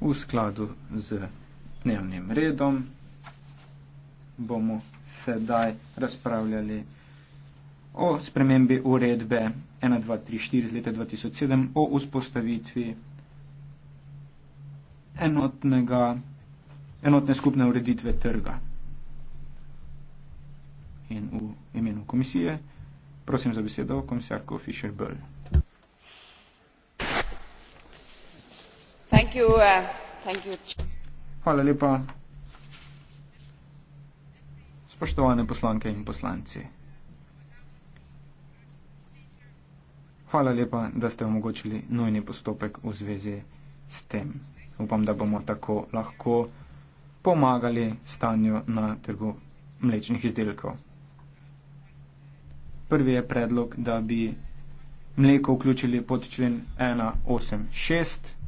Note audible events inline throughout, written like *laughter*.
V skladu z dnevnim redom bomo sedaj razpravljali o spremembi uredbe 1234 z leta 2007 o vzpostavitvi enotnega, enotne skupne ureditve trga. In v imenu komisije prosim za besedo komisarko Fischer-Böll. Uh, Hvala lepa. Spoštovane poslanke in poslanci. Hvala lepa, da ste omogočili nujni postopek v zvezi s tem. Upam, da bomo tako lahko pomagali stanju na trgu mlečnih izdelkov. Prvi je predlog, da bi mleko vključili pod člen 186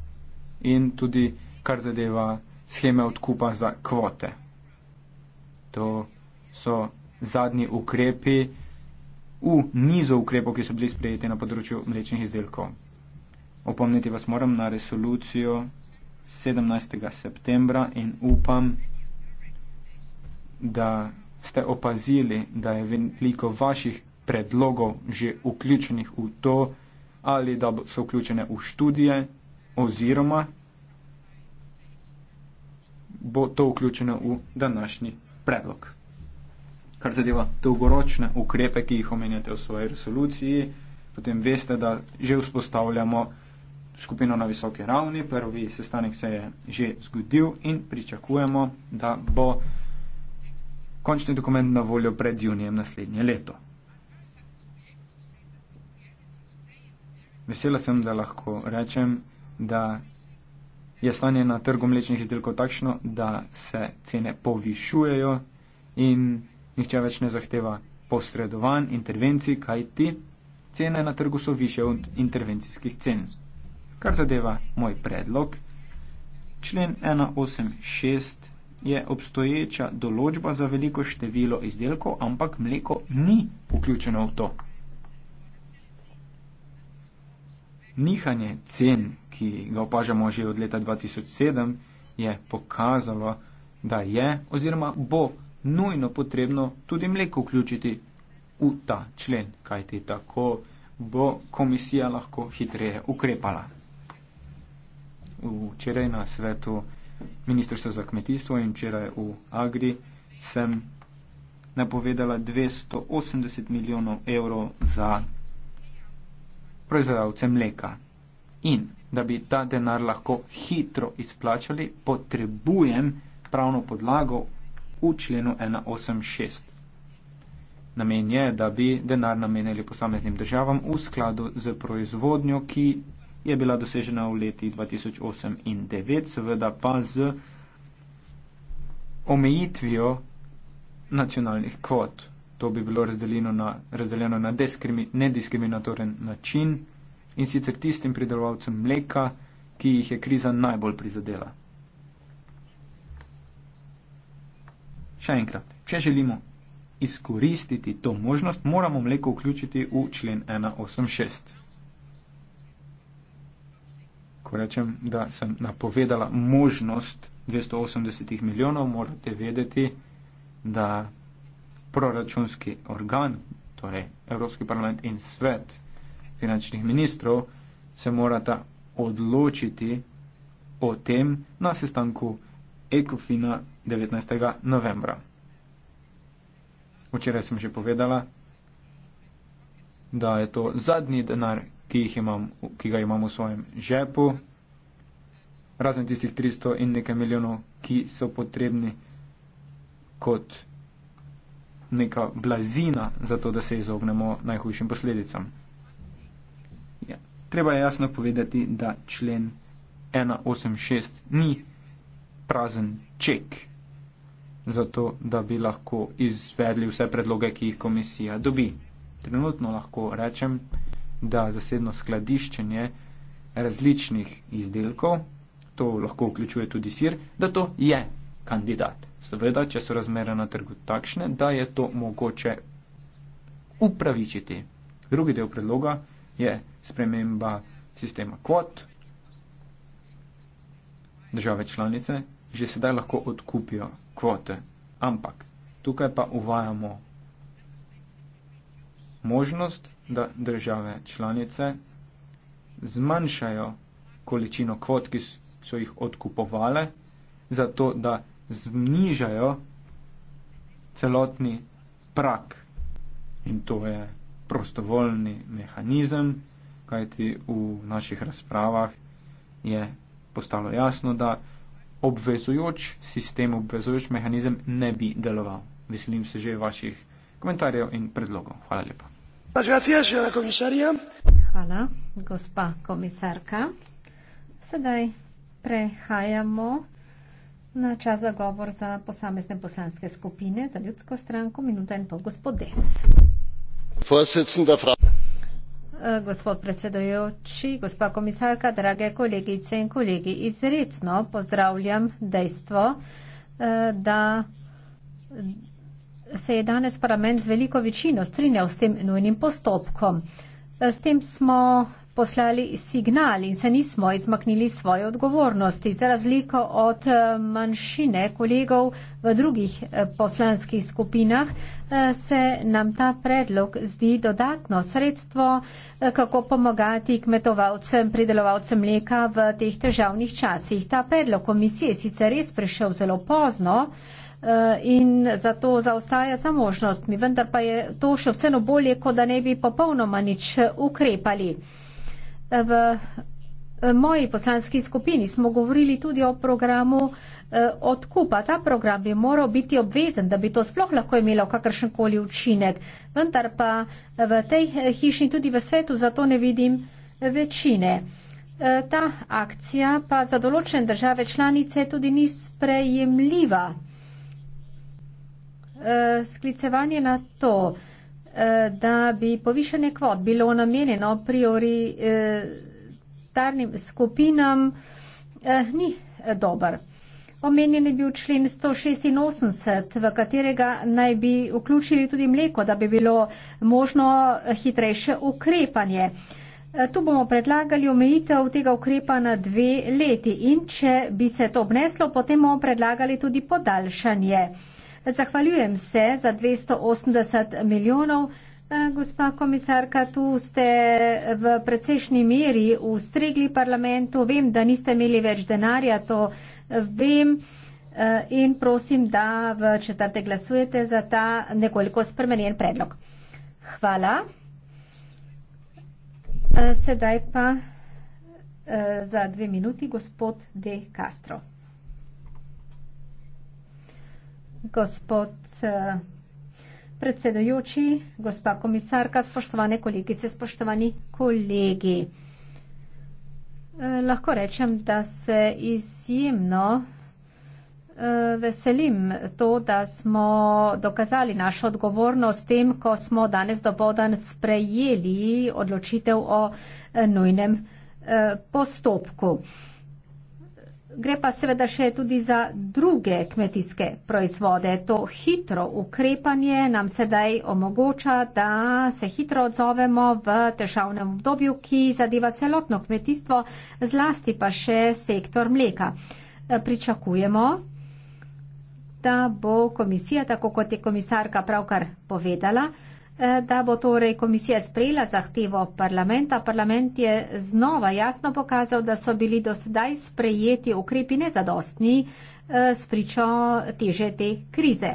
in tudi kar zadeva scheme odkupa za kvote. To so zadnji ukrepi v nizu ukrepov, ki so bili sprejeti na področju mlečnih izdelkov. Opomniti vas moram na resolucijo 17. septembra in upam, da ste opazili, da je veliko vaših predlogov že vključenih v to, ali da so vključene v študije oziroma bo to vključeno v današnji predlog. Kar zadeva dolgoročne ukrepe, ki jih omenjate v svoji resoluciji, potem veste, da že vzpostavljamo skupino na visoki ravni, prvi sestanek se je že zgodil in pričakujemo, da bo končni dokument na voljo pred junijem naslednje leto. Vesela sem, da lahko rečem, da je stanje na trgu mlečnih izdelkov takšno, da se cene povišujejo in nihče več ne zahteva posredovan intervencij, kajti cene na trgu so više od intervencijskih cen. Kar zadeva moj predlog, člen 186 je obstoječa določba za veliko število izdelkov, ampak mleko ni vključeno v to. nihanje cen, ki ga opažamo že od leta 2007, je pokazalo, da je oziroma bo nujno potrebno tudi mleko vključiti v ta člen, kajti tako bo komisija lahko hitreje ukrepala. Včeraj na svetu Ministrstva za kmetijstvo in včeraj v Agri sem napovedala 280 milijonov evrov za proizvajalce mleka. In da bi ta denar lahko hitro izplačali, potrebujem pravno podlago v členu 186. Namen je, da bi denar namenili posameznim državam v skladu z proizvodnjo, ki je bila dosežena v letih 2008 in 2009, seveda pa z omejitvijo nacionalnih kvot to bi bilo razdeljeno na, razdeljeno na nediskriminatoren način in sicer tistim pridelovalcem mleka, ki jih je kriza najbolj prizadela. Še enkrat, če želimo izkoristiti to možnost, moramo mleko vključiti v člen 186. Ko rečem, da sem napovedala možnost 280 milijonov, morate vedeti, da proračunski organ, torej Evropski parlament in svet finančnih ministrov, se morata odločiti o tem na sestanku ECOFINA 19. novembra. Včeraj sem že povedala, da je to zadnji denar, ki, imam, ki ga imam v svojem žepu, razen tistih 300 in nekaj milijonov, ki so potrebni kot neka blazina za to, da se izognemo najhujšim posledicam. Ja. Treba je jasno povedati, da člen 186 ni prazen ček za to, da bi lahko izvedli vse predloge, ki jih komisija dobi. Trenutno lahko rečem, da zasedno skladiščenje različnih izdelkov, to lahko vključuje tudi sir, da to je kandidat. Seveda, če so razmere na trgu takšne, da je to mogoče upravičiti. Drugi del predloga je sprememba sistema kvot. Države članice že sedaj lahko odkupijo kvote, ampak tukaj pa uvajamo možnost, da države članice zmanjšajo količino kvot, ki so jih odkupovale, zato da znižajo celotni prak. In to je prostovoljni mehanizem, kajti v naših razpravah je postalo jasno, da obvezujoč sistem, obvezujoč mehanizem ne bi deloval. Veselim se že vaših komentarjev in predlogov. Hvala lepa. Hvala, gospa komisarka. Sedaj prehajamo. Na čas za govor za posamezne poslanske skupine, za ljudsko stranko, minuta in pol, gospod Des. Eh, gospod predsedojoči, gospa komisarka, drage kolegice in kolegi, izredno pozdravljam dejstvo, eh, da se je danes parlament z veliko večino strinjal s tem nujnim postopkom. Eh, s tem smo poslali signal in se nismo izmaknili svoje odgovornosti, za razliko od eh, manjšine kolegov v drugih eh, poslanskih skupinah, eh, se nam ta predlog zdi dodatno sredstvo, kako pomagati kmetovalcem, pridelovalcem mleka v teh težavnih časih. Ta predlog komisije sicer res prišel zelo pozno, in zato zaostaja za možnostmi, vendar pa je to še vseeno bolje, kot da ne bi popolnoma nič ukrepali v eh, moji poslanski skupini smo govorili tudi o programu eh, odkupa. Ta program bi moral biti obvezen, da bi to sploh lahko imelo kakršenkoli učinek. Vendar pa eh, v tej hiši tudi v svetu zato ne vidim večine. Ta akcija pa za določene države članice tudi ni sprejemljiva. Sklicevanje na to. Eh, da bi povišanje kvot bilo namenjeno prioritarnim skupinam, eh, ni dober. Omenjen je bil člen 186, v katerega naj bi vključili tudi mleko, da bi bilo možno hitrejše ukrepanje. Eh, tu bomo predlagali omejitev tega ukrepa na dve leti in če bi se to obneslo, potem bomo predlagali tudi podaljšanje. Zahvaljujem se za 280 milijonov. Eh, gospa komisarka, tu ste v precejšnji meri ustregli parlamentu. Vem, da niste imeli več denarja, to eh, vem. Eh, in prosim, da v četrte glasujete za ta nekoliko spremenjen predlog. Hvala. Sedaj pa za dve minuti gospod De Castro. gospod eh, predsedujoči, gospa komisarka, spoštovane kolegice, spoštovani kolegi. Eh, lahko rečem, da se izjemno eh, veselim to, da smo dokazali našo odgovornost tem, ko smo danes dopodan sprejeli odločitev o nujnem postopku. Gre pa seveda še tudi za druge kmetijske proizvode. To hitro ukrepanje nam sedaj omogoča, da se hitro odzovemo v težavnem obdobju, ki zadeva celotno kmetijstvo, zlasti pa še sektor mleka. E, pričakujemo, da bo komisija, tako kot je komisarka pravkar povedala, Eh, da bo torej komisija sprejela zahtevo parlamenta. Parlament je znova jasno pokazal, da so bili do sedaj sprejeti ukrepi nezadostni eh, s pričo teže te krize.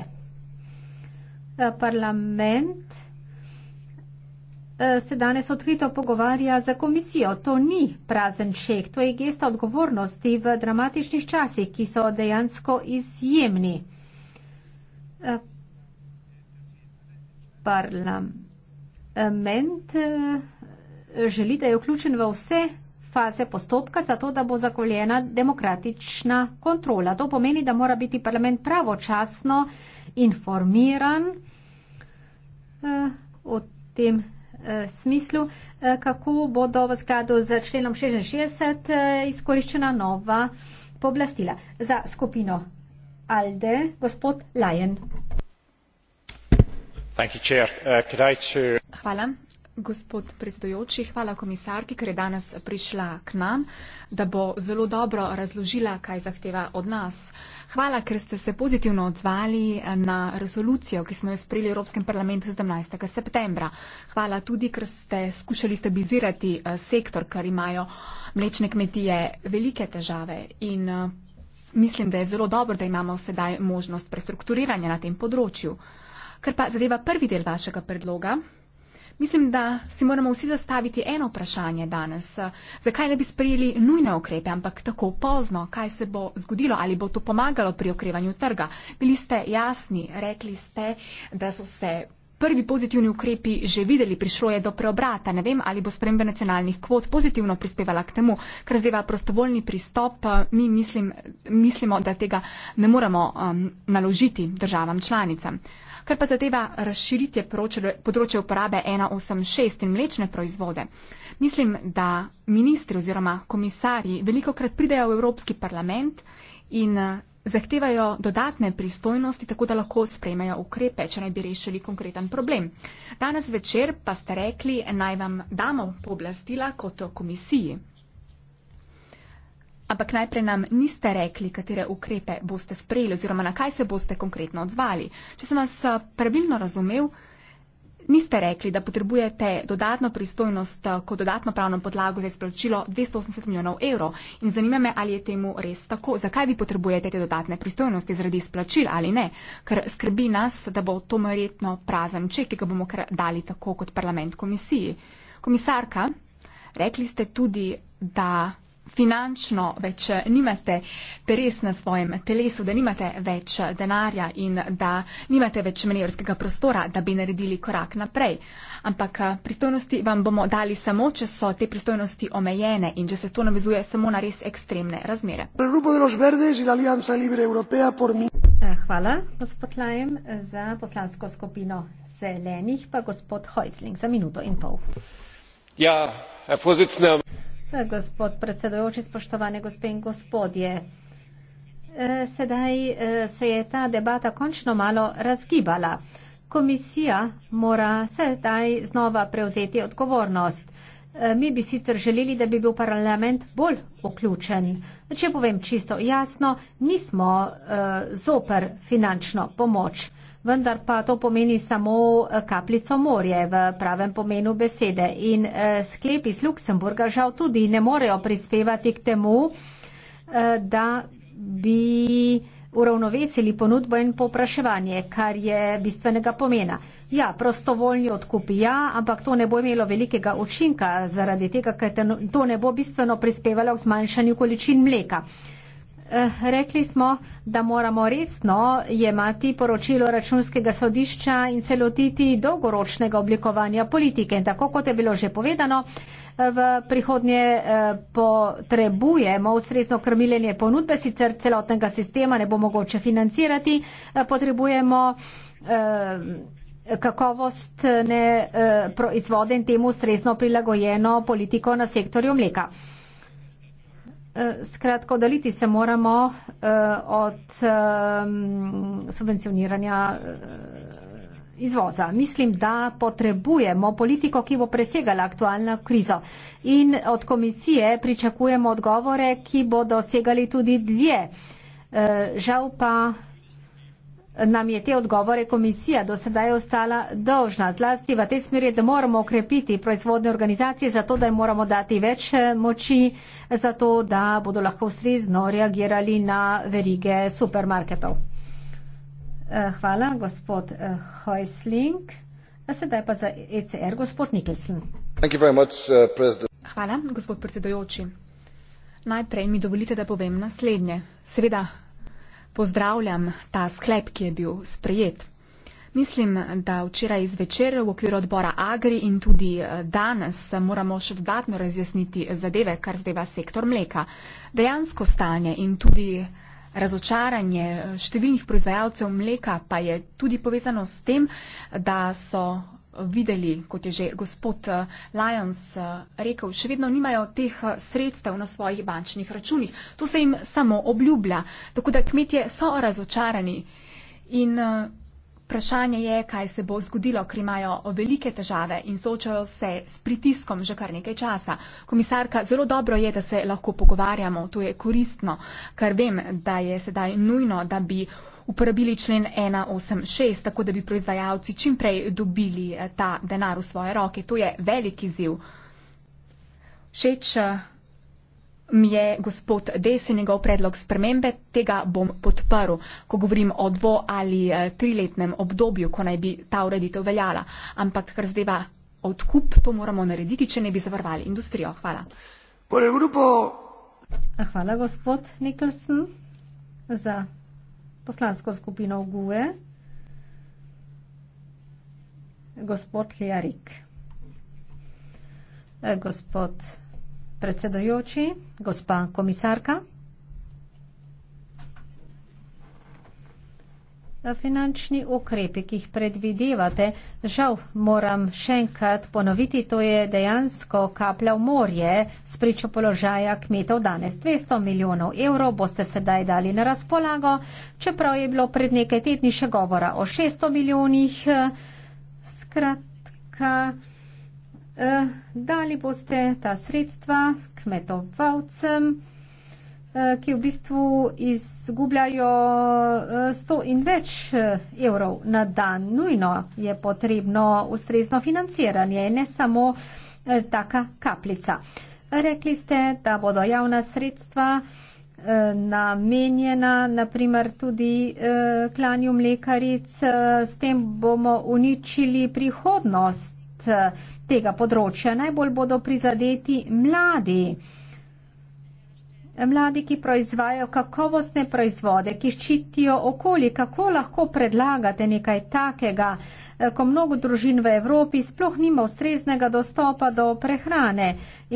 Eh, parlament se danes odkrito pogovarja za komisijo. To ni prazen šek, to je gesta odgovornosti v dramatičnih časih, ki so dejansko izjemni. Parlament eh, želi, da je vključen v vse faze postopka, zato da bo zakoljena demokratična kontrola. To pomeni, da mora biti parlament pravočasno informiran eh, v tem eh, smislu, kako bodo v skladu z členom 66 izkoriščena nova. Poblastila. Za skupino Alde, gospod Lajen. Uh, Hvala, gospod predsedujoči. Hvala komisarki, ker je danes prišla k nam, da bo zelo dobro razložila, kaj zahteva od nas. Hvala, ker ste se pozitivno odzvali na resolucijo, ki smo jo sprejeli v Evropskem parlamentu 17. septembra. Hvala tudi, ker ste skušali stabilizirati eh, sektor, ker imajo mlečne kmetije velike težave. In eh, mislim, da je zelo dobro, da imamo sedaj možnost prestrukturiranja na tem področju. Kar pa zadeva prvi del vašega predloga, mislim, da si moramo vsi zastaviti eno vprašanje danes. Zakaj ne bi sprejeli nujne ukrepe, ampak tako pozno, kaj se bo zgodilo, ali bo to pomagalo pri okrevanju trga? Bili ste jasni, rekli ste, da so se. Prvi pozitivni ukrepi že videli, prišlo je do preobrata. Ne vem, ali bo spremembe nacionalnih kvot pozitivno prispevala k temu, kar zdaj je prostovoljni pristop. Eh, mi mislim, mislimo, da tega ne moremo um, naložiti državam članicam kar pa zadeva razširitje področja uporabe 186 in mlečne proizvode. Mislim, da ministri oziroma komisarji veliko krat pridejo v Evropski parlament in eh, zahtevajo dodatne pristojnosti, tako da lahko sprejmejo ukrepe, če naj bi rešili konkreten problem. Danes večer pa ste rekli, naj vam damo pooblastila kot komisiji. Ampak najprej nam niste rekli, katere ukrepe boste sprejeli oziroma na kaj se boste konkretno odzvali. Če sem vas eh, pravilno razumel, niste rekli, da potrebujete dodatno pristojnost eh, kot dodatno pravno podlago za izplačilo 280 milijonov evrov. In zanima me, ali je temu res tako. Zakaj vi potrebujete te dodatne pristojnosti zaradi izplačil ali ne? Ker skrbi nas, da bo to verjetno prazen ček, ki ga bomo dali tako kot parlament komisiji. Komisarka, rekli ste tudi, da finančno več eh, nimate peres na svojem telesu, da nimate več eh, denarja in da nimate več manevrskega prostora, da bi naredili korak naprej. Ampak eh, pristojnosti vam bomo dali samo, če so te pristojnosti omejene in če se to navezuje samo na res ekstremne razmere. Hvala, gospod Lajem, za poslansko skupino zelenih, pa gospod Hojsling za minuto in pol. Ja, Gospod predsedujoči, spoštovane gospe in gospodje. E, sedaj e, se je ta debata končno malo razgibala. Komisija mora sedaj znova prevzeti odgovornost. E, mi bi sicer želeli, da bi bil parlament bolj vključen. Če povem čisto jasno, nismo zoper finančno pomoč vendar pa to pomeni samo eh, kapljico morje v pravem pomenu besede. In eh, sklep iz Luksemburga žal tudi ne morejo prispevati k temu, eh, da bi uravnovesili ponudbo in popraševanje, kar je bistvenega pomena. Ja, prostovoljni odkupi, ja, ampak to ne bo imelo velikega učinka zaradi tega, ker no, to ne bo bistveno prispevalo k zmanjšanju količin mleka. Eh, rekli smo, da moramo resno jemati poročilo računskega sodišča in se lotiti dolgoročnega oblikovanja politike. In tako kot je bilo že povedano, eh, v prihodnje eh, potrebujemo ustrezno krmiljenje ponudbe, sicer celotnega sistema ne bo mogoče financirati, eh, potrebujemo kakovostne proizvode in temu ustrezno prilagojeno politiko na sektorju mleka. Eh, skratka, odaliti se moramo eh, od ehm, subvencioniranja eh, izvoza. Mislim, da potrebujemo politiko, ki bo presegala aktualno krizo. In od komisije pričakujemo odgovore, ki bodo segali tudi dve. Žal pa nam je te odgovore komisija do sedaj ostala dolžna. Zlasti v tej smeri, da moramo okrepiti proizvodne organizacije, zato da jim moramo dati več eh, moči, zato da bodo lahko ustrezno reagirali na verige supermarketov. Eh, hvala, gospod eh, Hojsling. Sedaj pa za ECR, gospod Nikelsen. Hvala, gospod predsedojoči. Najprej mi dovolite, da povem naslednje. Seveda pozdravljam ta sklep, ki je bil sprejet. Mislim, da včeraj izvečer v okviru odbora Agri in tudi eh, danes moramo še dodatno razjasniti zadeve, kar zdeva sektor mleka. Dejansko stanje in tudi razočaranje eh, številnih proizvajalcev mleka pa je tudi povezano s tem, da so videli, kot je že gospod eh, Lyons eh, rekel, še vedno nimajo teh eh, sredstev na svojih bančnih računih. To se jim samo obljublja. Tako da kmetje so razočarani. In vprašanje je, kaj se bo zgodilo, ker imajo velike težave in soočajo se s pritiskom že kar nekaj časa. Komisarka, zelo dobro je, da se lahko pogovarjamo, to je koristno, ker vem, da je sedaj nujno, da bi uporabili člen 186, tako da bi proizvajalci čimprej dobili eh, ta denar v svoje roke. To je veliki ziv. Všeč eh, mi je gospod Desi njegov predlog spremembe, tega bom podprl, ko govorim o dvo- ali eh, triletnem obdobju, ko naj bi ta ureditev veljala. Ampak kar zadeva odkup, to moramo narediti, če ne bi zavarovali industrijo. Hvala. Hvala, gospod Nikolsen, za poslansko skupino GUE. Gospod Ljarik. Eh, gospod predsedojoči, gospa komisarka. finančni ukrepi, ki jih predvidevate. Žal moram še enkrat ponoviti, to je dejansko kaplja v morje s pričo položaja kmetov danes. 200 milijonov evrov boste sedaj dali na razpolago, čeprav je bilo pred nekaj tedni še govora o 600 milijonih. Eh, skratka, eh, dali boste ta sredstva kmetovalcem. Eh, ki v bistvu izgubljajo 100 eh, in več eh, evrov na dan. Nujno je potrebno ustrezno financiranje, ne samo taka kapljica. Rekli ste, da bodo javna sredstva namenjena naprimer tudi klanju mlekaric, s tem bomo uničili prihodnost tega področja. Najbolj bodo prizadeti mladi mladi, ki proizvajajo kakovostne proizvode, ki ščitijo okolje, kako lahko predlagate nekaj takega, eh, ko mnogo družin v Evropi sploh nima ustreznega dostopa do prehrane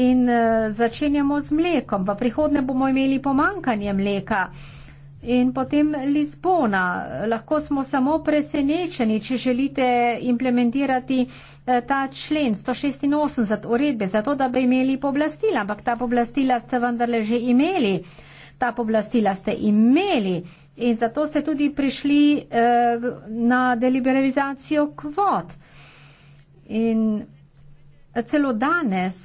in eh, začenjamo z mlekom. V prihodnje bomo imeli pomankanje mleka. In potem Lizbona. Lahko smo samo presenečeni, če želite implementirati eh, ta člen 186 uredbe, zato da bi imeli poblastila, ampak ta poblastila ste vendarle že imeli. Ta poblastila ste imeli in zato ste tudi prišli eh, na deliberalizacijo kvot. In celo danes,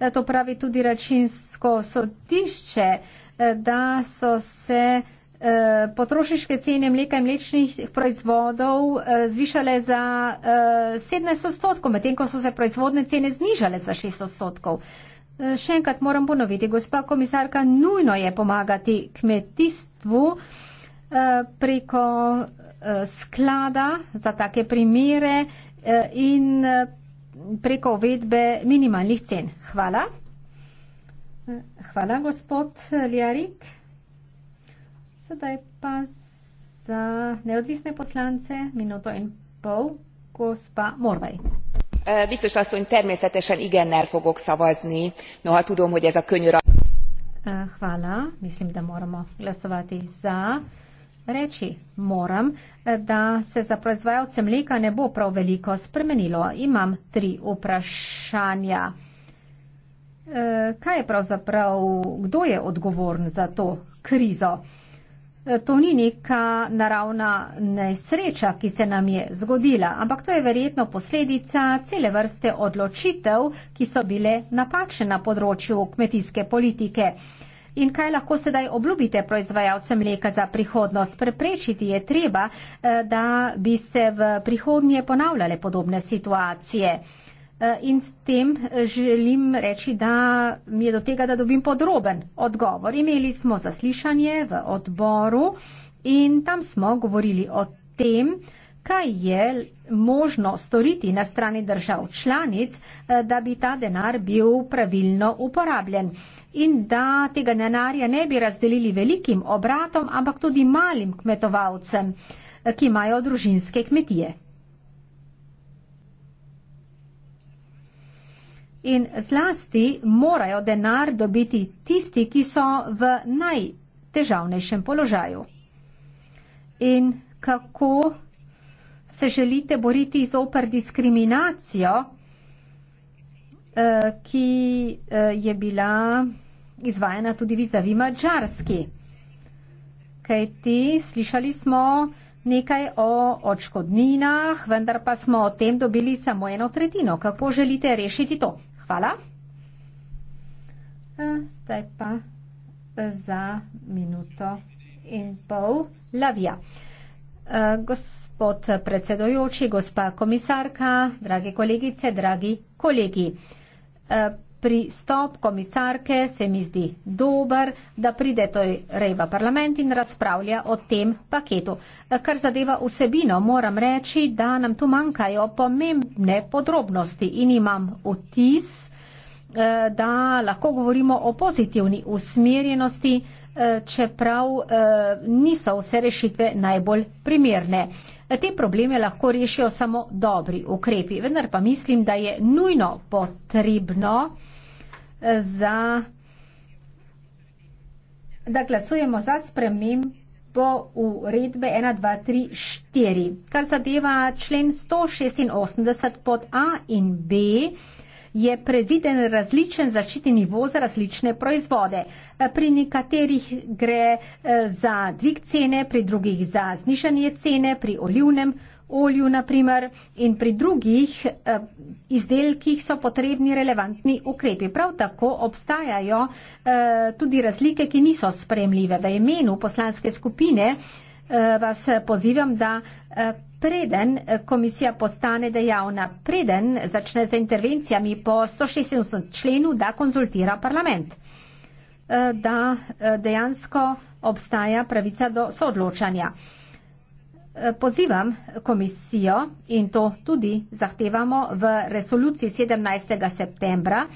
da eh, to pravi tudi račinsko sodišče, eh, da so se eh, potrošniške cene mleka in mlečnih proizvodov eh, zvišale za 17 eh, odstotkov, medtem ko so se proizvodne cene znižale za 6 odstotkov. Še enkrat moram ponoviti, gospa komisarka, nujno je pomagati kmetijstvu preko sklada za take primere in preko uvedbe minimalnih cen. Hvala. Hvala, gospod Ljarik. Sedaj pa za neodvisne poslance minuto in pol, gospa Morvaj. E, biztos asszony, természetesen igennel fogok szavazni. Noha tudom, hogy ez a könnyű rajta. E, hvala, mislim, da moramo glasovati za. Reči moram, da se za proizvajalce mleka ne bo prav veliko spremenilo. Imam tri vprašanja. Eh, kaj je pravzaprav, kdo je odgovoren za to krizo? Eh, to ni neka naravna nesreča, ki se nam je zgodila, ampak to je verjetno posledica cele vrste odločitev, ki so bile napačne na področju kmetijske politike. In kaj lahko sedaj obljubite proizvajalcem mleka za prihodnost? Preprečiti je treba, eh, da bi se v prihodnje ponavljale podobne situacije. Eh, in s tem eh, želim reči, da mi je do tega, da dobim podroben odgovor. Imeli smo zaslišanje v odboru in tam smo govorili o tem, kaj je možno storiti na strani držav članic, eh, da bi ta denar bil pravilno uporabljen in da tega denarja ne bi razdelili velikim obratom, ampak tudi malim kmetovalcem, ki imajo družinske kmetije. In zlasti morajo denar dobiti tisti, ki so v najtežavnejšem položaju. In kako se želite boriti z opr diskriminacijo, eh, ki eh, je bila izvajena tudi vizavi mačarski. Kaj ti, slišali smo nekaj o odškodninah, vendar pa smo o tem dobili samo eno tretjino. Kako želite rešiti to? spala. Zdaj pa za minuto in pol lavija. Gospod predsedojoči, gospa komisarka, dragi kolegice, dragi kolegi pristop komisarke se mi zdi dober, da pride torej v parlament in razpravlja o tem paketu. Kar zadeva vsebino, moram reči, da nam tu manjkajo pomembne podrobnosti in imam vtis, eh, da lahko govorimo o pozitivni usmerjenosti, eh, čeprav eh, niso vse rešitve najbolj primerne. Te probleme lahko rešijo samo dobri ukrepi, vendar pa mislim, da je nujno potrebno, za, da glasujemo za spremembo uredbe 1234. Kar zadeva člen 186 pod A in B, je predviden različen zaščitni nivo za različne proizvode. Pri nekaterih gre eh, za dvig cene, pri drugih za znižanje cene, pri olivnem olju naprimer in pri drugih eh, izdelkih so potrebni relevantni ukrepi. Prav tako obstajajo eh, tudi razlike, ki niso spremljive. V imenu poslanske skupine eh, vas pozivam, da eh, preden eh, komisija postane dejavna, preden začne z intervencijami po 186 členu, da konzultira parlament eh, da eh, dejansko obstaja pravica do soodločanja. Eh, pozivam komisijo in to tudi zahtevamo v resoluciji 17. septembra,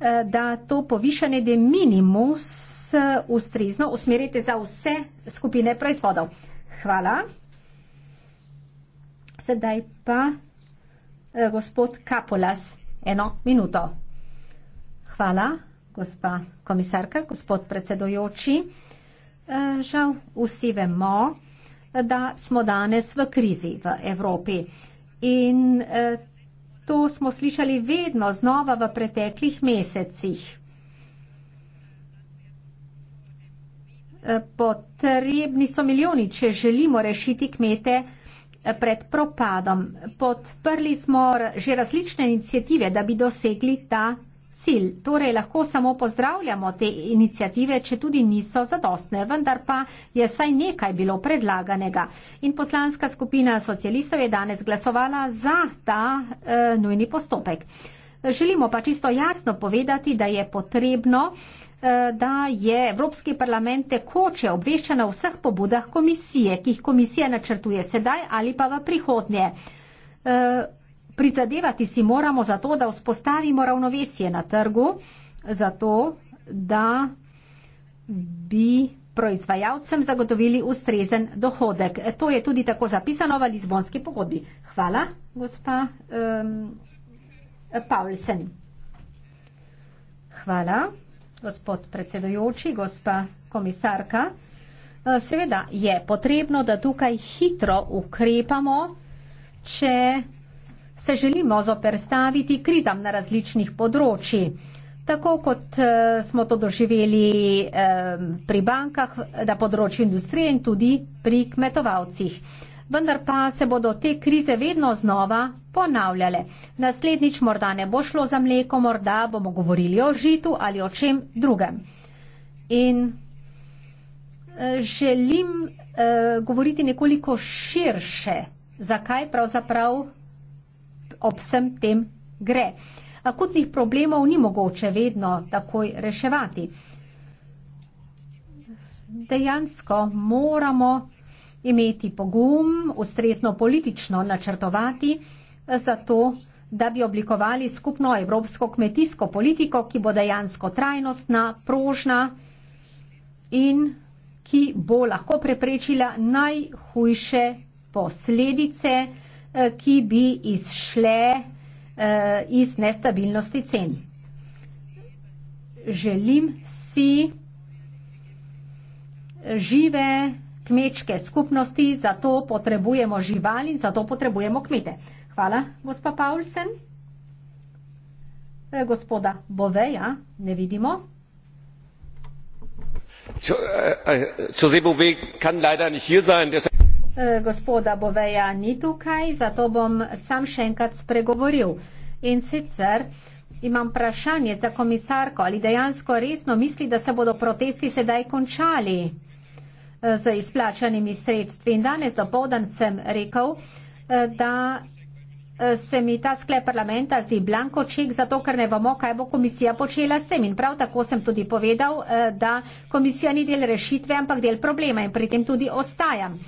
eh, da to povišanje de minimus eh, ustrezno usmerite za vse skupine proizvodov. Hvala. Sedaj pa gospod Kapolas, eno minuto. Hvala, gospa komisarka, gospod predsedojoči. Žal vsi vemo, da smo danes v krizi v Evropi. In eh, to smo slišali vedno znova v preteklih mesecih. Eh, potrebni so milijoni, če želimo rešiti kmete eh, pred propadom. Podprli smo že različne inicijative, da bi dosegli ta cilj. Torej lahko samo pozdravljamo te inicijative, če tudi niso zadostne, vendar pa je vsaj nekaj bilo predlaganega. In poslanska skupina socialistov je danes glasovala za ta e, nujni postopek. Želimo pa čisto jasno povedati, da je potrebno, eh, da je Evropski parlament tekoče obvešča na vseh pobudah komisije, ki jih komisija načrtuje sedaj ali pa v prihodnje. Eh, Prizadevati si moramo za to, da vzpostavimo ravnovesje na trgu, zato da bi proizvajalcem zagotovili ustrezen dohodek. To je tudi tako zapisano v Lizbonski pogodbi. Hvala, gospa um, Paulsen. Hvala, gospod predsedujoči, gospa komisarka. E, seveda je potrebno, da tukaj hitro ukrepamo, če se želimo zoperstaviti krizam na različnih področji. Tako kot eh, smo to doživeli eh, pri bankah na področju industrije in tudi pri kmetovalcih. Vendar pa se bodo te krize vedno znova ponavljale. Naslednjič morda ne bo šlo za mleko, morda bomo govorili o žitu ali o čem drugem. In eh, želim govoriti nekoliko širše, zakaj pravzaprav ob vsem tem gre. Akutnih problemov ni mogoče vedno takoj reševati. Dejansko moramo imeti pogum, ustrezno politično načrtovati, zato da bi oblikovali skupno evropsko kmetijsko politiko, ki bo dejansko trajnostna, prožna in ki bo lahko preprečila najhujše posledice, Eh, ki bi izšle eh, iz nestabilnosti cen. Želim si žive kmečke skupnosti, zato potrebujemo živali in zato potrebujemo kmete. Hvala, gospa Paulsen. Eh, gospoda Boveja ne vidimo. Zdaj bo ve, kan leider nič hier sein, E, gospoda Boveja ni tukaj, zato bom sam še enkrat spregovoril. In sicer imam vprašanje za komisarko, ali dejansko resno misli, da se bodo protesti sedaj končali e, z izplačanimi sredstvi. In danes dopovdan sem rekel, e, da se mi ta skle parlamenta zdi blanko ček, zato ker ne vemo, kaj bo komisija počela s tem. In prav tako sem tudi povedal, da komisija ni del rešitve, ampak del problema in pri tem tudi ostajam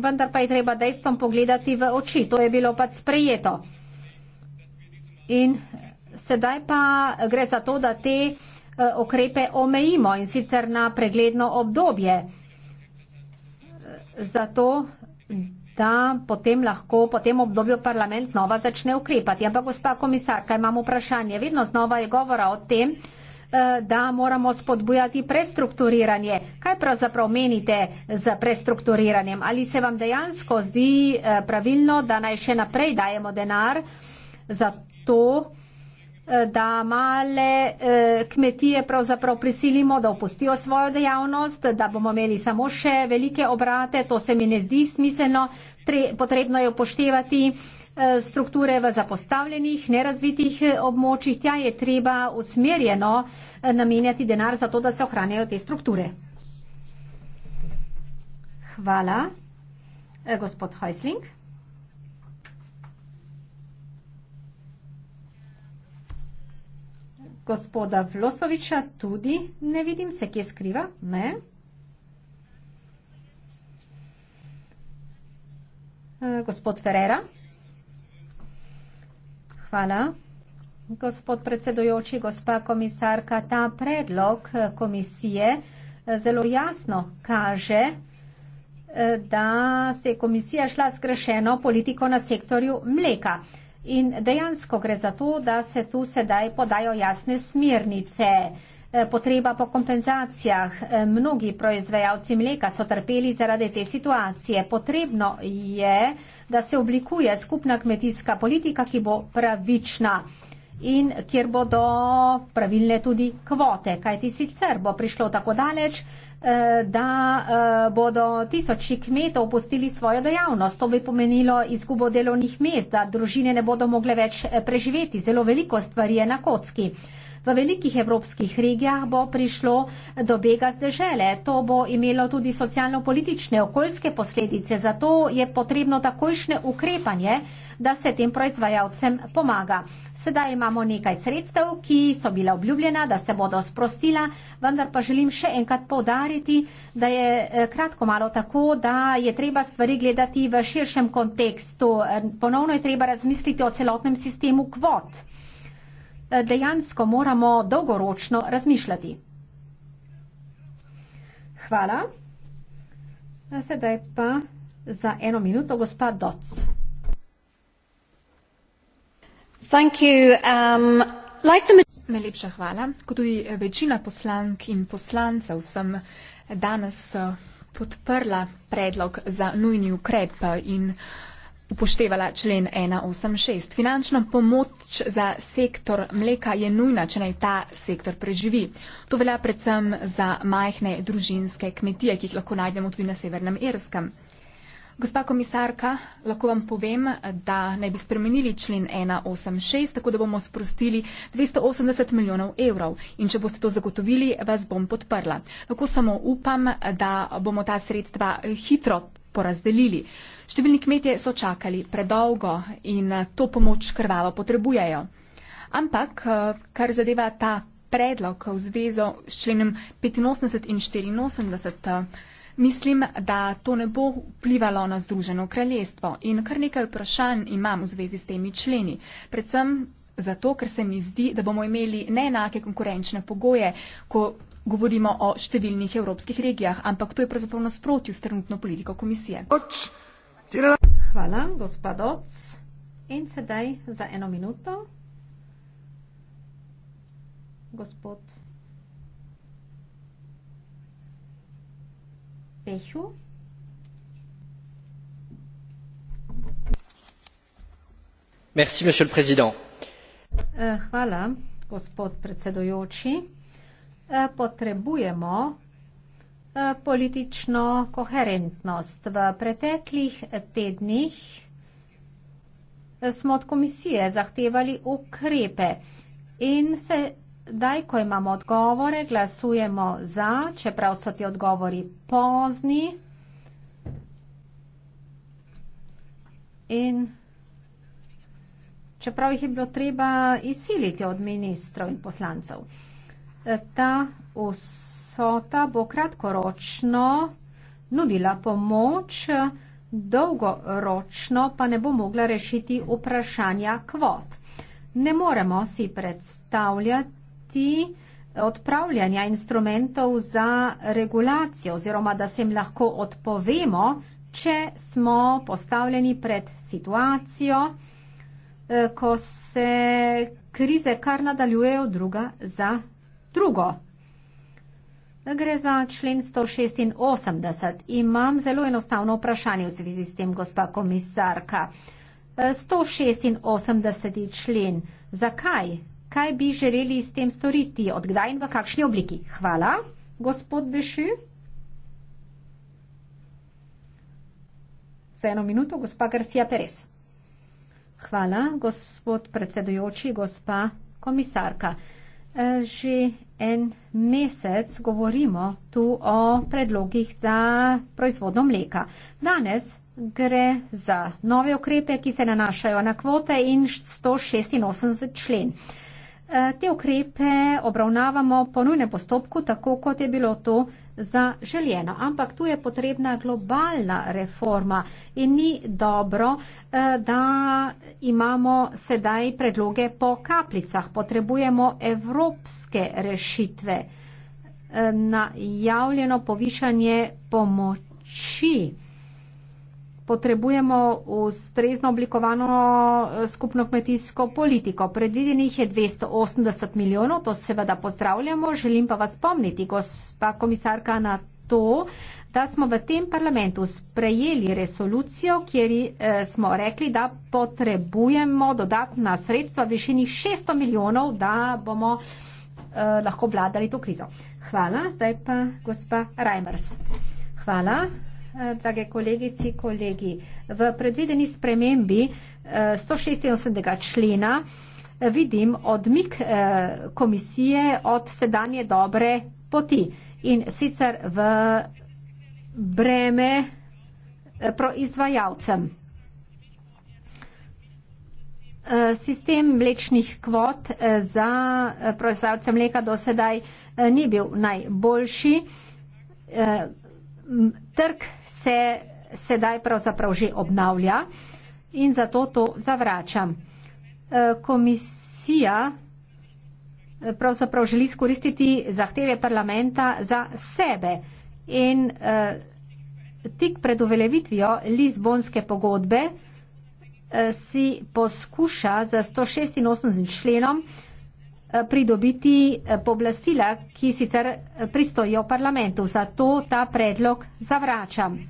vendar pa je treba dejstvom pogledati v oči. To je bilo pač sprejeto. In sedaj pa gre za to, da te okrepe eh, omejimo in sicer na pregledno obdobje, zato da potem lahko po tem obdobju parlament znova začne ukrepati. Ampak, gospa komisarka, imam vprašanje. Vedno znova je govora o tem, Eh, da moramo spodbujati prestrukturiranje. Kaj pravzaprav menite z prestrukturiranjem? Ali se vam dejansko zdi eh, pravilno, da naj še naprej dajemo denar za to, eh, da male kmetije pravzaprav prisilimo, da opustijo svojo dejavnost, da bomo imeli samo še velike obrate? To se mi ne zdi smiselno. Potrebno je upoštevati Eh, strukture v zapostavljenih, nerazvitih eh, območjih. Tja je treba usmerjeno eh, namenjati denar za to, da se ohranjajo te strukture. Hvala. Gospod Heusling. Gospoda Vlosoviča tudi ne vidim, se kje skriva? Ne. Gospod Ferrera. Hvala. Gospod predsedujoči, gospa komisarka, ta predlog eh, komisije eh, zelo jasno kaže, eh, da se je komisija šla zgrešeno politiko na sektorju mleka. In dejansko gre za to, da se tu sedaj podajo jasne smernice. Eh, potreba po kompenzacijah. Eh, mnogi proizvajalci mleka so trpeli zaradi te situacije. Potrebno je, da se oblikuje skupna kmetijska politika, ki bo pravična in kjer bodo pravilne tudi kvote, kajti sicer bo prišlo tako daleč, eh, da bodo tisoči kmetov opustili svojo dejavnost. To bi pomenilo izgubo delovnih mest, da družine ne bodo mogle več preživeti. Zelo veliko stvari je na kocki. V velikih evropskih regijah bo prišlo do bega z dežele. To bo imelo tudi socialno-politične okoljske posledice. Zato je potrebno takojšnje ukrepanje, da se tem proizvajalcem pomaga. Sedaj imamo nekaj sredstev, ki so bila obljubljena, da se bodo sprostila, vendar pa želim še enkrat povdariti, da je eh, kratko malo tako, da je treba stvari gledati v širšem kontekstu. Eh, ponovno je treba razmisliti o celotnem sistemu kvot dejansko moramo dolgoročno razmišljati. Hvala. Sedaj pa za eno minuto gospa Doc. Um, like the... Najlepša hvala. Kot tudi večina poslank in poslancev sem danes uh, podprla predlog za nujni ukrep in uh, upoštevala člen 186. Finančna pomoč za sektor mleka je nujna, če naj ta sektor preživi. To velja predvsem za majhne družinske kmetije, ki jih lahko najdemo tudi na Severnem Irskem. Gospa komisarka, lahko vam povem, da naj bi spremenili člen 186, tako da bomo sprostili 280 milijonov evrov. In če boste to zagotovili, vas bom podprla. Lahko samo upam, da bomo ta sredstva hitro porazdelili. Številni kmetje so čakali predolgo in eh, to pomoč krvavo potrebujejo. Ampak, eh, kar zadeva ta predlog v zvezo s členom 85 in 84, eh, mislim, da to ne bo vplivalo na Združeno kraljestvo. In kar nekaj vprašanj imam v zvezi s temi členi. Predvsem Zato, ker se mi zdi, da bomo imeli neenake konkurenčne pogoje, ko govorimo o številnih evropskih regijah, ampak to je pravzaprav nasprotju s trenutno politiko komisije. Hvala, gospod Oc. In sedaj za eno minuto. Gospod Pehu. Merci, monsieur le président. Eh, hvala, gospod predsedujoči. Eh, potrebujemo eh, politično koherentnost. V preteklih tednih smo od komisije zahtevali ukrepe in se daj, ko imamo odgovore, glasujemo za, čeprav so ti odgovori pozni. In čeprav jih je bilo treba izsiliti od ministrov in poslancev. E, ta vsota bo kratkoročno nudila pomoč, dolgoročno pa ne bo mogla rešiti vprašanja kvot. Ne moremo si predstavljati odpravljanja instrumentov za regulacijo oziroma da se jim lahko odpovemo, če smo postavljeni pred situacijo, Eh, ko se krize kar nadaljujejo druga za drugo. Gre za člen 186. Imam zelo enostavno vprašanje v zvezi s tem, gospa komisarka. 186. Eh, člen. Zakaj? Kaj bi želeli s tem storiti? Od kdaj in v kakšni obliki? Hvala, gospod Beši. Za eno minuto, gospa Garcia Perez. Hvala, gospod predsedujoči, gospa komisarka. E, že en mesec govorimo tu o predlogih za proizvodno mleka. Danes gre za nove okrepe, ki se nanašajo na kvote in 186 člen. Te ukrepe obravnavamo po nujnem postopku, tako kot je bilo to zaželjeno. Ampak tu je potrebna globalna reforma in ni dobro, eh, da imamo sedaj predloge po kapljicah. Potrebujemo evropske rešitve, eh, najavljeno povišanje pomoči potrebujemo ustrezno oblikovano eh, skupno kmetijsko politiko. Predvidenih je 280 milijonov, to seveda pozdravljamo. Želim pa vas spomniti, gospa komisarka, na to, da smo v tem parlamentu sprejeli resolucijo, kjer eh, smo rekli, da potrebujemo dodatna sredstva v višini 600 milijonov, da bomo eh, lahko vladali to krizo. Hvala, zdaj pa gospa Reimers. Hvala. Eh, drage kolegici, kolegi. V predvideni spremembi 186. Eh, člena eh, vidim odmik komisije od sedanje dobre poti in sicer v breme proizvajalcem. Sistem mlečnih kvot za proizvajalce mleka do sedaj ni bil najboljši trg se sedaj pravzaprav že obnavlja in zato to zavračam. E, komisija e, pravzaprav želi skoristiti zahteve parlamenta za sebe in e, tik pred uveljavitvijo Lizbonske pogodbe si poskuša za 186 členom Eh, pridobiti eh, poblastila, ki sicer eh, pristojijo parlamentu. Zato ta predlog zavračam.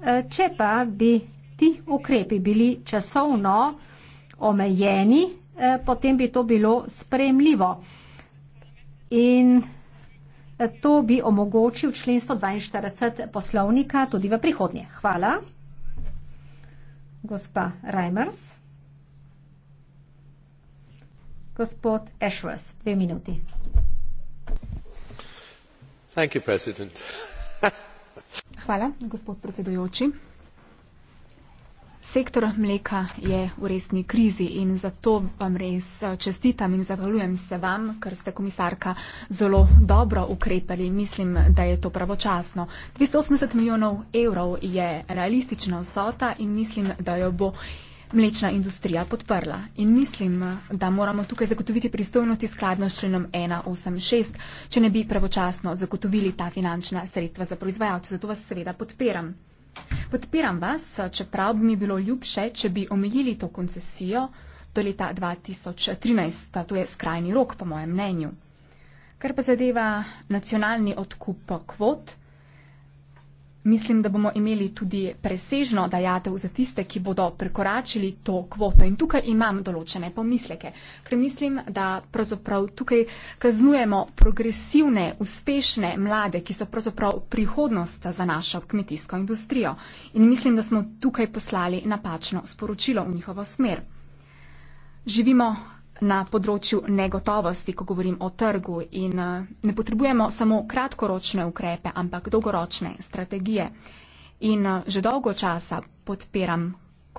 Če pa bi ti ukrepi bili časovno omejeni, potem bi to bilo spremljivo. In to bi omogočil člen 142 poslovnika tudi v prihodnje. Hvala. Gospa Reimers gospod ashworth dve minuti Thank you, President. *laughs* Hvala, gospod predsedujoči. Sektor mleka je v resni krizi in zato vam res eh, čestitam in zahvaljujem se vam, ker ste komisarka zelo dobro ukrepali. Mislim, da je to pravočasno. 280 milijonov evrov je realistična vsota in mislim, da jo bo mlečna industrija podprla. In mislim, da moramo tukaj zagotoviti pristojnosti skladno s členom 186, če ne bi pravočasno zagotovili ta finančna sredstva za proizvajalce. Zato vas seveda podpiram. Podpiram vas, čeprav bi mi bilo ljubše, če bi omejili to koncesijo do leta 2013. To je skrajni rok, po mojem mnenju. Kar pa zadeva nacionalni odkup kvot, Mislim, da bomo imeli tudi presežno dajatev za tiste, ki bodo prekoračili to kvoto. In tukaj imam določene pomisleke, ker mislim, da pravzaprav tukaj kaznujemo progresivne, uspešne mlade, ki so pravzaprav prihodnost za našo kmetijsko industrijo. In mislim, da smo tukaj poslali napačno sporočilo v njihovo smer. Živimo na področju negotovosti, ko govorim o trgu in eh, ne potrebujemo samo kratkoročne ukrepe, ampak dolgoročne strategije. In eh, že dolgo časa podpiram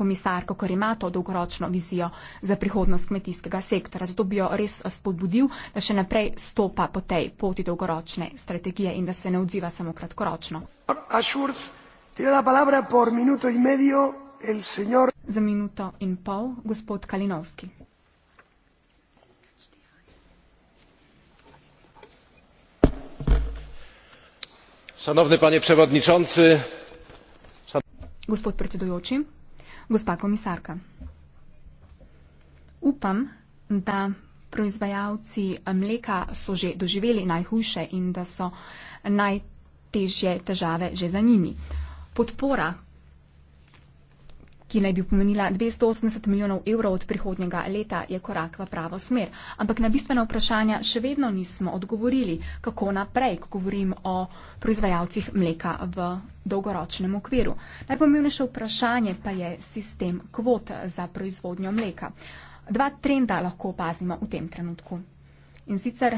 komisarko, ker ima to dolgoročno vizijo za prihodnost kmetijskega sektora. Zato bi jo res eh, spodbudil, da še naprej stopa po tej poti dolgoročne strategije in da se ne odziva samo kratkoročno. Za minuto in pol, gospod Kalinovski. Szanowny panie przewodniczący, gospod predsedujoči, gospa komisarka. Upam, da proizvajalci eh, mleka so že doživeli najhujše in da so najtežje težave že za njimi. Podpora, ki naj bi pomenila 280 milijonov evrov od prihodnjega leta, je korak v pravo smer. Ampak na bistvena vprašanja še vedno nismo odgovorili, kako naprej, ko govorim o proizvajalcih mleka v dolgoročnem okviru. Najpomembnejše vprašanje pa je sistem kvot za proizvodnjo mleka. Dva trenda lahko opazimo v tem trenutku. In sicer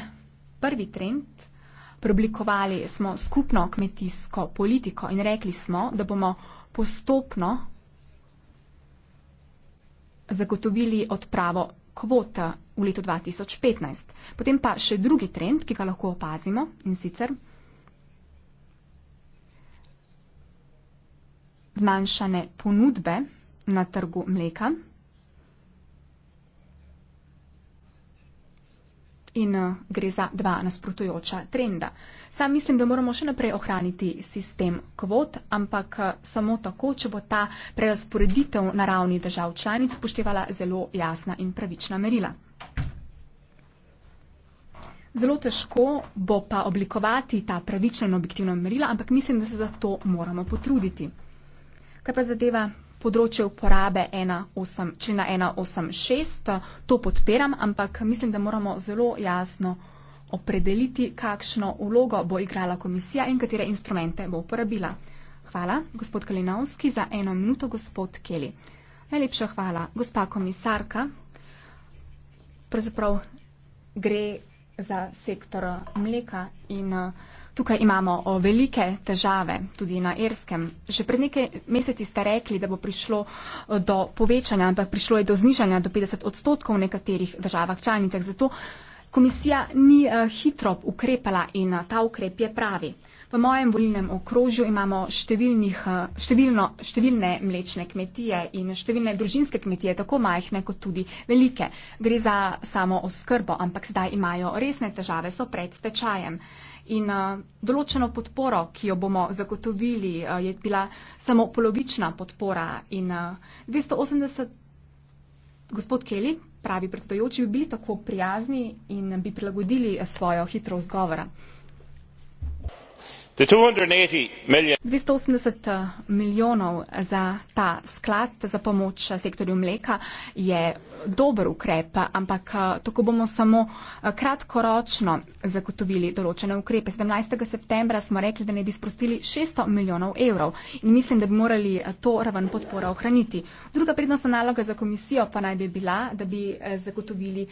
prvi trend. Preoblikovali smo skupno kmetijsko politiko in rekli smo, da bomo postopno zagotovili odpravo kvota v letu 2015. Potem pa še drugi trend, ki ga lahko opazimo in sicer zmanjšane ponudbe na trgu mleka. In eh, gre za dva nasprotujoča trenda. Sam mislim, da moramo še naprej ohraniti sistem kvot, ampak eh, samo tako, če bo ta prerasporeditev na ravni držav članic upoštevala zelo jasna in pravična merila. Zelo težko bo pa oblikovati ta pravična in objektivna merila, ampak mislim, da se za to moramo potruditi. Kaj pa zadeva področje uporabe 18, člena 186, to podpiram, ampak mislim, da moramo zelo jasno opredeliti, kakšno vlogo bo igrala komisija in katere instrumente bo uporabila. Hvala, gospod Kalinovski, za eno minuto, gospod Keli. Najlepša hvala, gospa komisarka. Pravzaprav gre za sektor mleka in eh, tukaj imamo velike težave tudi na Erskem. Že pred nekaj meseci ste rekli, da bo prišlo eh, do povečanja, ampak prišlo je do znižanja do 50 odstotkov v nekaterih državah članicah. Zato Komisija ni eh, hitro ukrepala in eh, ta ukrep je pravi. V mojem volilnem okrožju imamo številnih, eh, številno, številne mlečne kmetije in številne družinske kmetije, tako majhne kot tudi velike. Gre za samo oskrbo, ampak zdaj imajo resne težave, so pred stečajem. In določeno podporo, ki jo bomo zagotovili, je bila samo polovična podpora in 280 Gospod Keli, pravi predstojoči, bi bili tako prijazni in bi prilagodili eh, svojo hitrost govora. 280 eh, milijonov za ta sklad za pomoč eh, sektorju mleka je dober ukrep, ampak eh, tako bomo samo kratkoročno zagotovili določene ukrepe. 17. septembra smo rekli, da ne bi sprostili 600 milijonov evrov in mislim, da bi morali to raven podpora ohraniti. Druga prednostna naloga za komisijo pa naj bi bila, da bi zagotovili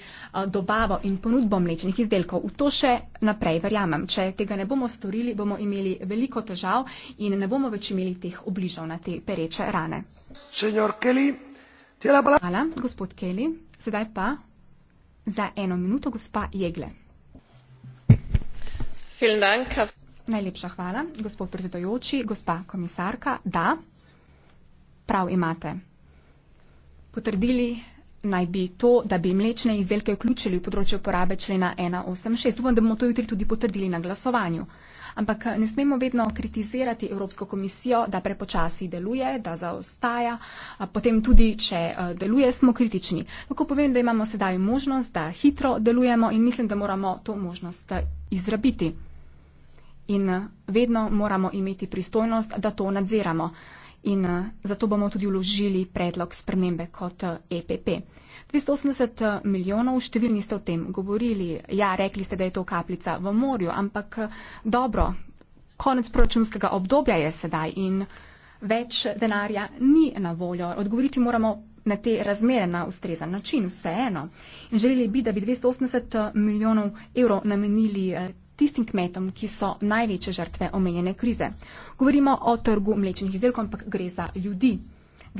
dobavo in ponudbo mlečnih izdelkov. V to še naprej verjamem. Če tega ne bomo storili, bomo imeli imeli veliko težav in ne bomo več imeli teh obližav na te pereče rane. Hvala, gospod Kelly. Sedaj pa za eno minuto, gospa Jegle. Najlepša hvala, gospod predsedojoči, gospa komisarka. Da, prav imate. Potrdili naj bi to, da bi mlečne izdelke vključili v področje uporabe člena 186. Upam, da bomo to jutri tudi potrdili na glasovanju. Ampak ne smemo vedno kritizirati Evropsko komisijo, da prepočasi deluje, da zaostaja. Potem tudi, če deluje, smo kritični. Lahko povem, da imamo sedaj možnost, da hitro delujemo in mislim, da moramo to možnost izrabiti. In vedno moramo imeti pristojnost, da to nadziramo in eh, zato bomo tudi vložili predlog spremembe kot EPP. Eh, e 280 eh, milijonov, številni ste o tem govorili, ja, rekli ste, da je to kapljica v morju, ampak dobro, konec proračunskega obdobja je sedaj in več denarja ni na voljo. Odgovoriti moramo na te razmere na ustrezan način, vseeno. In želeli bi, da bi 280 milijonov evrov namenili tistim kmetom, ki so največje žrtve omenjene krize. Govorimo o trgu mlečnih izdelkov, ampak gre za ljudi,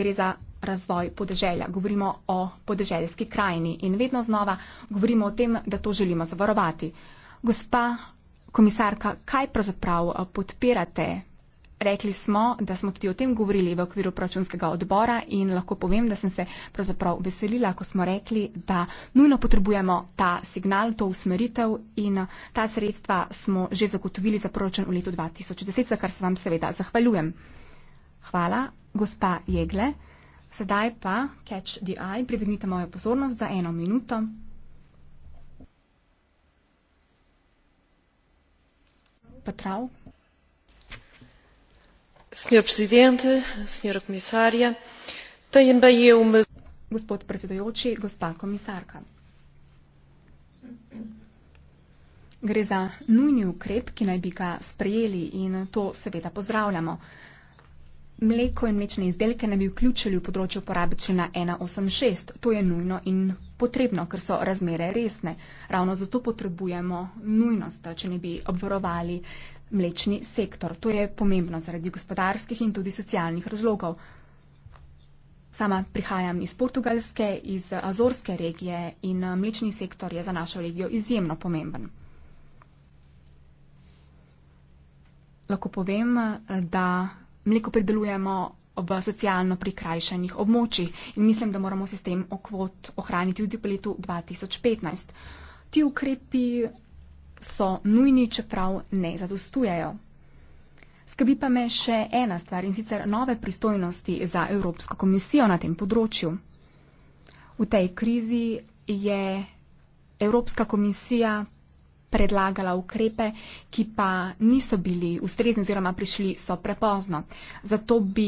gre za razvoj podeželja, govorimo o podeželjski krajini in vedno znova govorimo o tem, da to želimo zavarovati. Gospa komisarka, kaj pravzaprav podpirate Rekli smo, da smo tudi o tem govorili v okviru proračunskega odbora in lahko povem, da sem se pravzaprav veselila, ko smo rekli, da nujno potrebujemo ta signal, to usmeritev in ta sredstva smo že zagotovili za proračun v letu 2010, za kar se vam seveda zahvaljujem. Hvala, gospa Jegle. Sedaj pa catch the eye, privednite mojo pozornost za eno minuto. Petrov gospod predsedujoči, gospa komisarka. Gre za nujni ukrep, ki naj bi ga sprejeli in to seveda pozdravljamo. Mleko in mlečne izdelke naj bi vključili v področje uporabe člena ena osem šest. To je nujno in potrebno, ker so razmere resne. Ravno zato potrebujemo nujnost, če ne bi obvarovali mlečni sektor. To je pomembno zaradi gospodarskih in tudi socialnih razlogov. Sama prihajam iz Portugalske, iz Azorske regije in eh, mlečni sektor je za našo regijo izjemno pomemben. Lahko povem, eh, da mleko pridelujemo v socialno prikrajšanih območjih in mislim, da moramo sistem okvot ohraniti tudi po letu 2015. Ti ukrepi so nujni, čeprav ne zadostujejo. Skrbi pa me še ena stvar in sicer nove pristojnosti za Evropsko komisijo na tem področju. V tej krizi je Evropska komisija predlagala ukrepe, ki pa niso bili ustrezni oziroma prišli so prepozno. Zato bi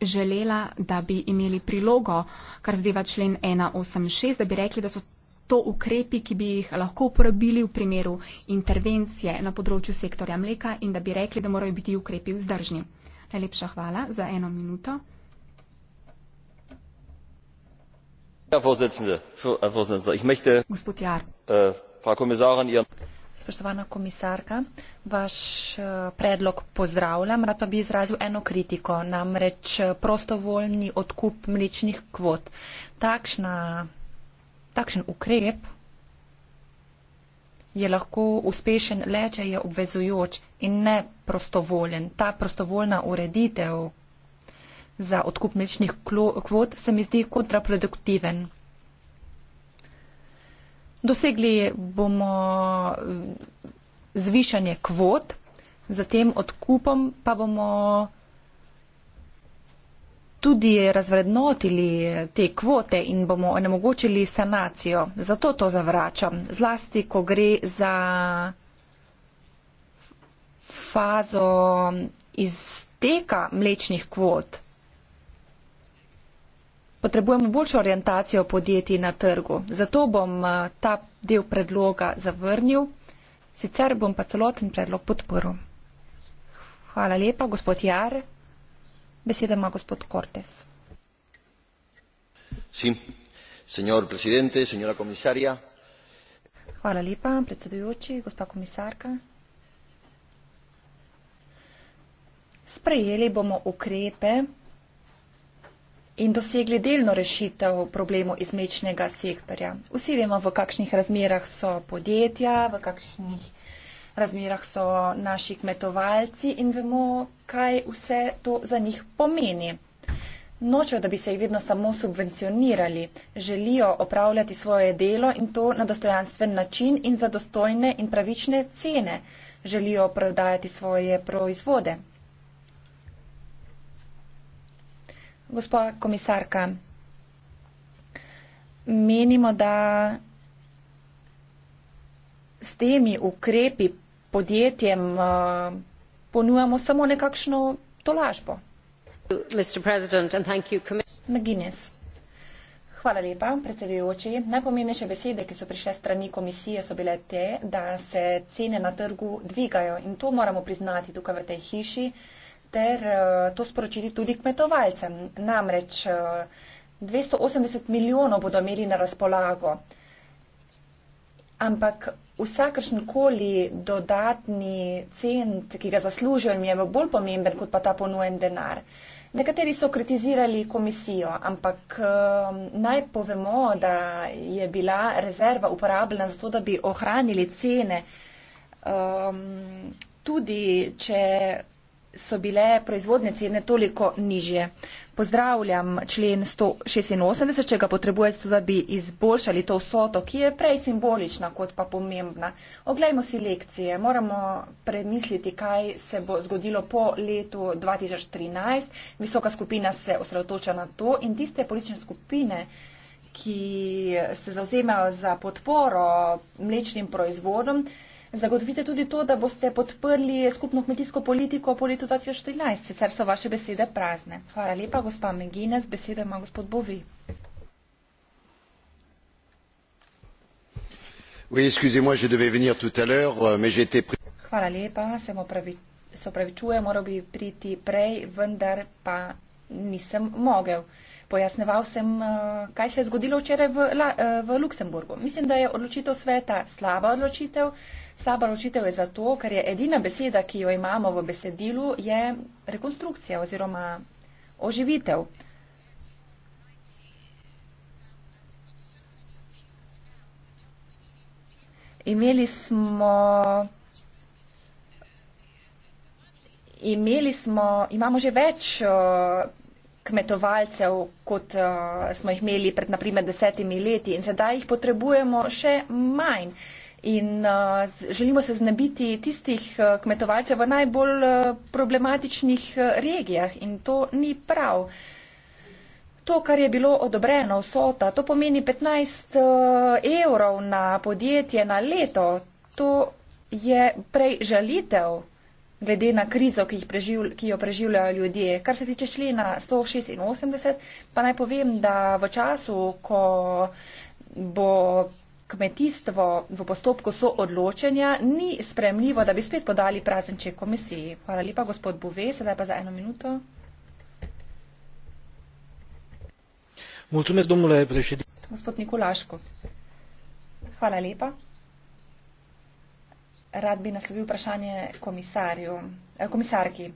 želela, da bi imeli prilogo, kar zdeva člen 186, da bi rekli, da so to ukrepi, ki bi jih lahko uporabili v primeru intervencije na področju sektorja mleka in da bi rekli, da morajo biti ukrepi vzdržni. Najlepša hvala za eno minuto. Gospod Jar. Äh, Spoštovana komisarka, vaš äh, predlog pozdravljam, rad pa bi izrazil eno kritiko, namreč äh, prostovoljni odkup mlečnih kvot. Takšna takšen ukrep je lahko uspešen le, če je obvezujoč in ne prostovoljen. Ta prostovoljna ureditev za odkup mlečnih kvot se mi zdi kontraproduktiven. Dosegli bomo eh, zvišanje kvot, zatem odkupom pa bomo tudi razvrednotili te kvote in bomo onemogočili sanacijo. Zato to zavračam. Zlasti, ko gre za fazo izteka mlečnih kvot. Potrebujemo boljšo orientacijo podjetij na trgu. Zato bom eh, ta del predloga zavrnil. Sicer bom pa celoten predlog podporil. Hvala lepa, gospod Jar señor presidente señora comisaria sprejeli bomo ukrepe in dosegli delno rešitev problemov iz mlečnega sektorja. vsi vemo v kakšnih razmerah so podjetja v kakšnih razmerah so naši kmetovalci in vemo, kaj vse to za njih pomeni. Nočejo, da bi se jih vedno samo subvencionirali, želijo opravljati svoje delo in to na dostojanstven način in za dostojne in pravične cene, želijo prodajati svoje proizvode. Gospod komisarka, menimo, da s temi ukrepi podjetjem eh, ponujamo samo nekakšno tolažbo. McGuinness. Hvala lepa, predsedujoči. Najpomembnejše besede, ki so prišle strani komisije, so bile te, da se cene na trgu dvigajo in to moramo priznati tukaj v tej hiši ter eh, to sporočiti tudi kmetovalcem. Namreč 280 eh, milijonov bodo imeli na razpolago, ampak vsakršen koli dodatni cent, ki ga zaslužijo, jim je bolj pomemben kot pa ta ponujen denar. Nekateri so kritizirali komisijo, ampak um, naj povemo, da je bila rezerva uporabljena zato, da bi ohranili cene, um, tudi če so bile proizvodne cene toliko nižje. Uh, pozdravljam člen 186, če ga potrebujete, da bi izboljšali to vsoto, ki je prej simbolična kot pa pomembna. Oglejmo si lekcije. Moramo premisliti, kaj se bo zgodilo po letu 2013. Visoka skupina se osredotoča na to in tiste politične skupine, ki se zauzemajo za podporo mlečnim proizvodom, Zagotovite tudi to, da boste podprli skupno kmetijsko politiko po letu 2014, sicer so vaše besede prazne. Hvala lepa, gospa Megines, besedo ima gospod Bovi. Euh, Hvala lepa, se opravičujem, moral bi priti prej, vendar pa nisem mogel. Pojasneval sem, eh, kaj se je zgodilo včeraj v, La, eh, v Luksemburgu. Mislim, da je odločitev sveta slaba odločitev. Slaba odločitev je zato, ker je edina beseda, ki jo imamo v besedilu, je rekonstrukcija oziroma oživitev. Imeli smo. Imeli smo, imamo že več uh, kmetovalcev, kot uh, smo jih imeli pred naprimer desetimi leti in sedaj jih potrebujemo še manj. In uh, želimo se znebiti tistih uh, kmetovalcev v najbolj uh, problematičnih uh, regijah in to ni prav. To, kar je bilo odobreno vsota, to pomeni 15 uh, evrov na podjetje na leto, to je prej žalitev glede na krizo, ki, preživ, ki jo preživljajo ljudje. Kar se tiče člena 186, pa naj povem, da v času, ko bo kmetijstvo v postopku so odločenja, ni spremljivo, da bi spet podali prazenče komisiji. Hvala lepa, gospod Bove, sedaj pa za eno minuto. Mulțumesc, domnule președinte. Gospod Nikolaško. Hvala lepa rad bi naslovil vprašanje komisarju, eh, komisarki,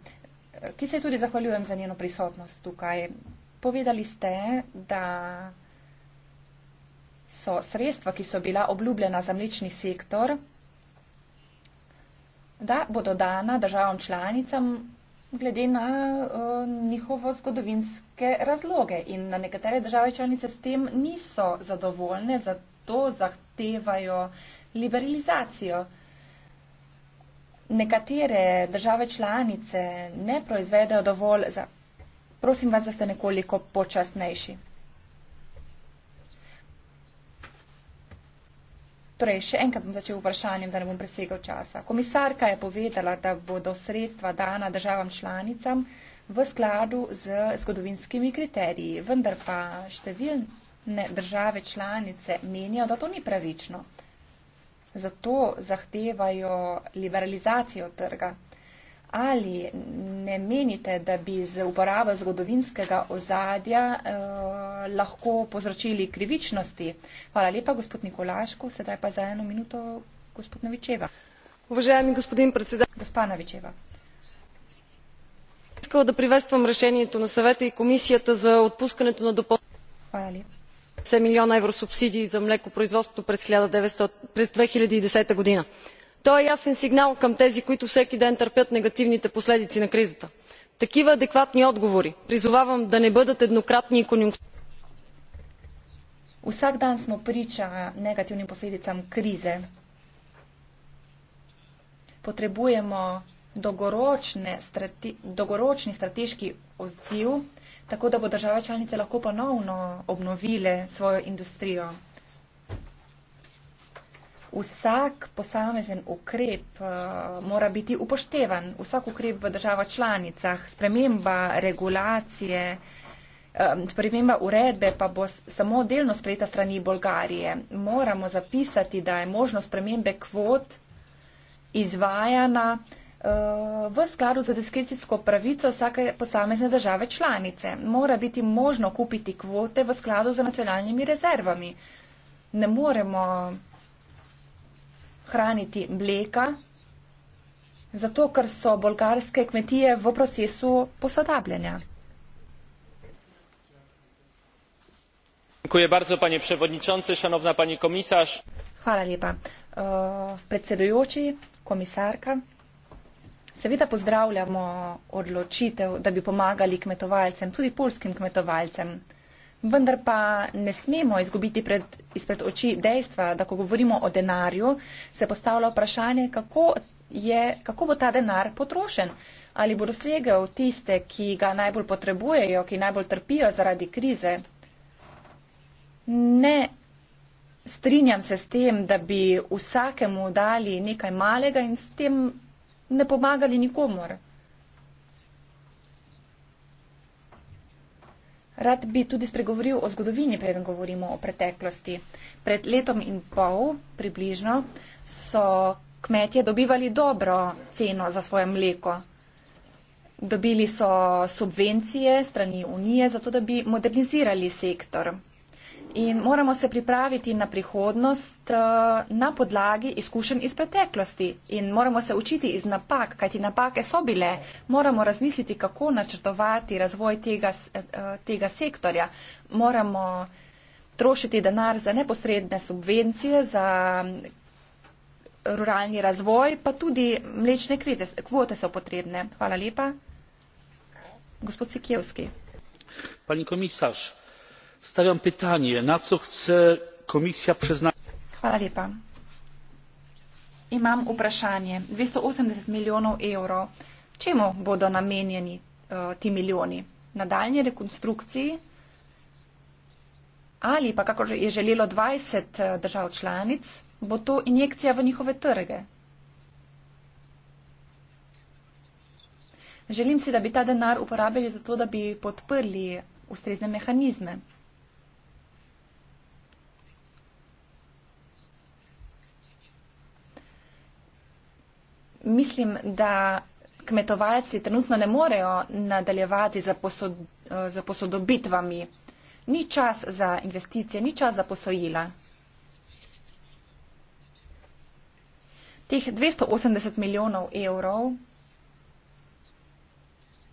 ki se tudi zahvaljujem za njeno prisotnost tukaj. Povedali ste, da so sredstva, ki so bila obljubljena za mlečni sektor, da bodo dana državam članicam glede na uh, njihovo zgodovinske razloge. In na nekatere države članice s tem niso zadovoljne, zato zahtevajo liberalizacijo. Uh, nekatere države članice ne proizvedejo dovolj za. Prosim vas, da ste nekoliko počasnejši. Torej, še enkrat bom začel vprašanjem, da ne bom presegal časa. Komisarka je povedala, da bodo sredstva dana državam članicam v skladu z zgodovinskimi kriteriji, vendar pa številne države članice menijo, da to ni pravično zato zahtevajo liberalizacijo trga. Ali ne menite, da bi z uporabo zgodovinskega ozadja eh, lahko povzročili krivičnosti? Hvala lepa, gospod Nikolaško. Sedaj pa za eno minuto, gospod Navičeva. Uvaženi gospodin predsedatelj. Gospa Navičeva. Искам да приветствам решението на съвета и комисията за отпускането на допълнително. Хвала лепа петдесет милиона евро субсидии за млекопроизводството през две хиляди и десета година. то е ясен сигнал към тези които всеки ден търпят негативните последици на кризата. такива адекватни отговори призовавам да не бъдат еднократни и конюнктурни. Vsak dan smo priča negativnim posledicam krize. Potrebujemo strate dolgoročni strateški odziv tako da bo države članice lahko ponovno obnovile svojo industrijo. Vsak posamezen ukrep uh, mora biti upoštevan, vsak ukrep v državah članicah, sprememba regulacije, um, sprememba uredbe pa bo samo delno sprejeta strani Bolgarije. Moramo zapisati, da je možnost spremembe kvot izvajana uh, v skladu z diskricijsko pravico vsake posamezne države članice. Mora biti možno kupiti kvote v skladu z nacionalnimi rezervami. Ne moremo hraniti mleka, zato ker so bolgarske kmetije v procesu posodabljanja. Dziękuję bardzo, panie przewodniczący, szanowna pani komisarz. Hvala lepa. Uh, predsedujoči, komisarka. Seveda pozdravljamo odločitev, da bi pomagali kmetovalcem, tudi polskim kmetovalcem. Vendar pa ne smemo izgubiti pred, izpred oči dejstva, da ko govorimo o denarju, se postavlja vprašanje, kako, je, kako bo ta denar potrošen. Ali bo dosegel tiste, ki ga najbolj potrebujejo, ki najbolj trpijo zaradi krize. Ne strinjam se s tem, da bi vsakemu dali nekaj malega in s tem ne pomagali nikomor. Rad bi tudi spregovoril o zgodovini, preden govorimo o preteklosti. Pred letom in pol približno so kmetje dobivali dobro ceno za svoje mleko. Dobili so subvencije strani Unije, zato da bi modernizirali sektor in moramo se pripraviti na prihodnost eh, na podlagi izkušenj iz preteklosti in moramo se učiti iz napak, kajti napake so bile. Moramo razmisliti, kako načrtovati razvoj tega, eh, eh, tega sektorja. Moramo trošiti denar za neposredne subvencije, za mm, ruralni razvoj, pa tudi mlečne krite. Kvote so potrebne. Hvala lepa. Gospod Sikjevski. Pani komisarz, stawiam pytanie na co chce komisja przeznaczyć. imam vprašanje dvesto osemdeset milijonov evrov čemu bodo namenjeni eh, ti milijoni nadaljnji rekonstrukciji ali pa kakor je želelo dvajset eh, držav članic bo to injekcija v njihove trge želim si da bi ta denar uporabili za to da bi podprli ustrezne mehanizme mislim, da kmetovalci trenutno ne morejo nadaljevati za, posod, za posodobitvami. Ni čas za investicije, ni čas za posojila. Teh 280 milijonov evrov,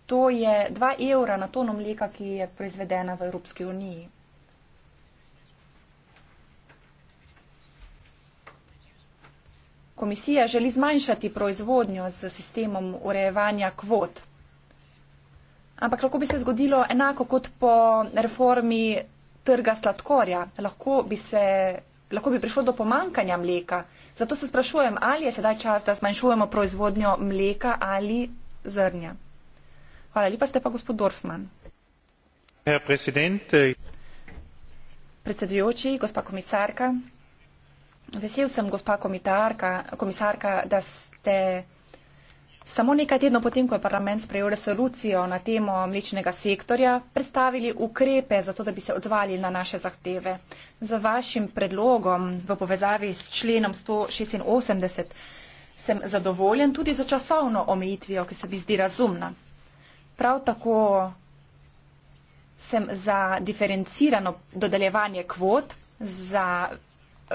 to je 2 evra na tono mleka, ki je proizvedena v Evropski uniji. komisija želi zmanjšati proizvodnjo z sistemom urejevanja kvot. Ampak lahko bi se zgodilo enako kot po reformi trga sladkorja. Lahko bi, se, lahko bi prišlo do pomankanja mleka. Zato se sprašujem, ali je sedaj čas, da zmanjšujemo proizvodnjo mleka ali zrnja. Hvala lepa, ste pa gospod Dorfman. Äh, Predsedujoči, gospa komisarka, Vesel sem, gospa komisarka, da ste samo nekaj tedno potem, ko je parlament sprejel resolucijo na temo mlečnega sektorja, predstavili ukrepe za to, da bi se odzvali na naše zahteve. Za vašim predlogom v povezavi s členom 186 sem zadovoljen tudi za časovno omejitvijo, ki se bi zdi razumna. Prav tako sem za diferencirano dodeljevanje kvot za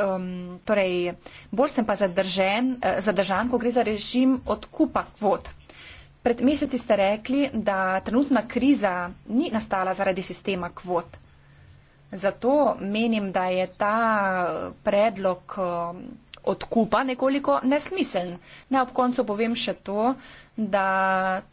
um, torej, bolj sem pa zadržen, uh, zadržan, ko gre za režim odkupa kvot. Pred meseci ste rekli, da trenutna kriza ni nastala zaradi sistema kvot. Zato menim, da je ta eh, predlog. Um, odkupa nekoliko nesmiseln. Ne ob koncu povem še to, da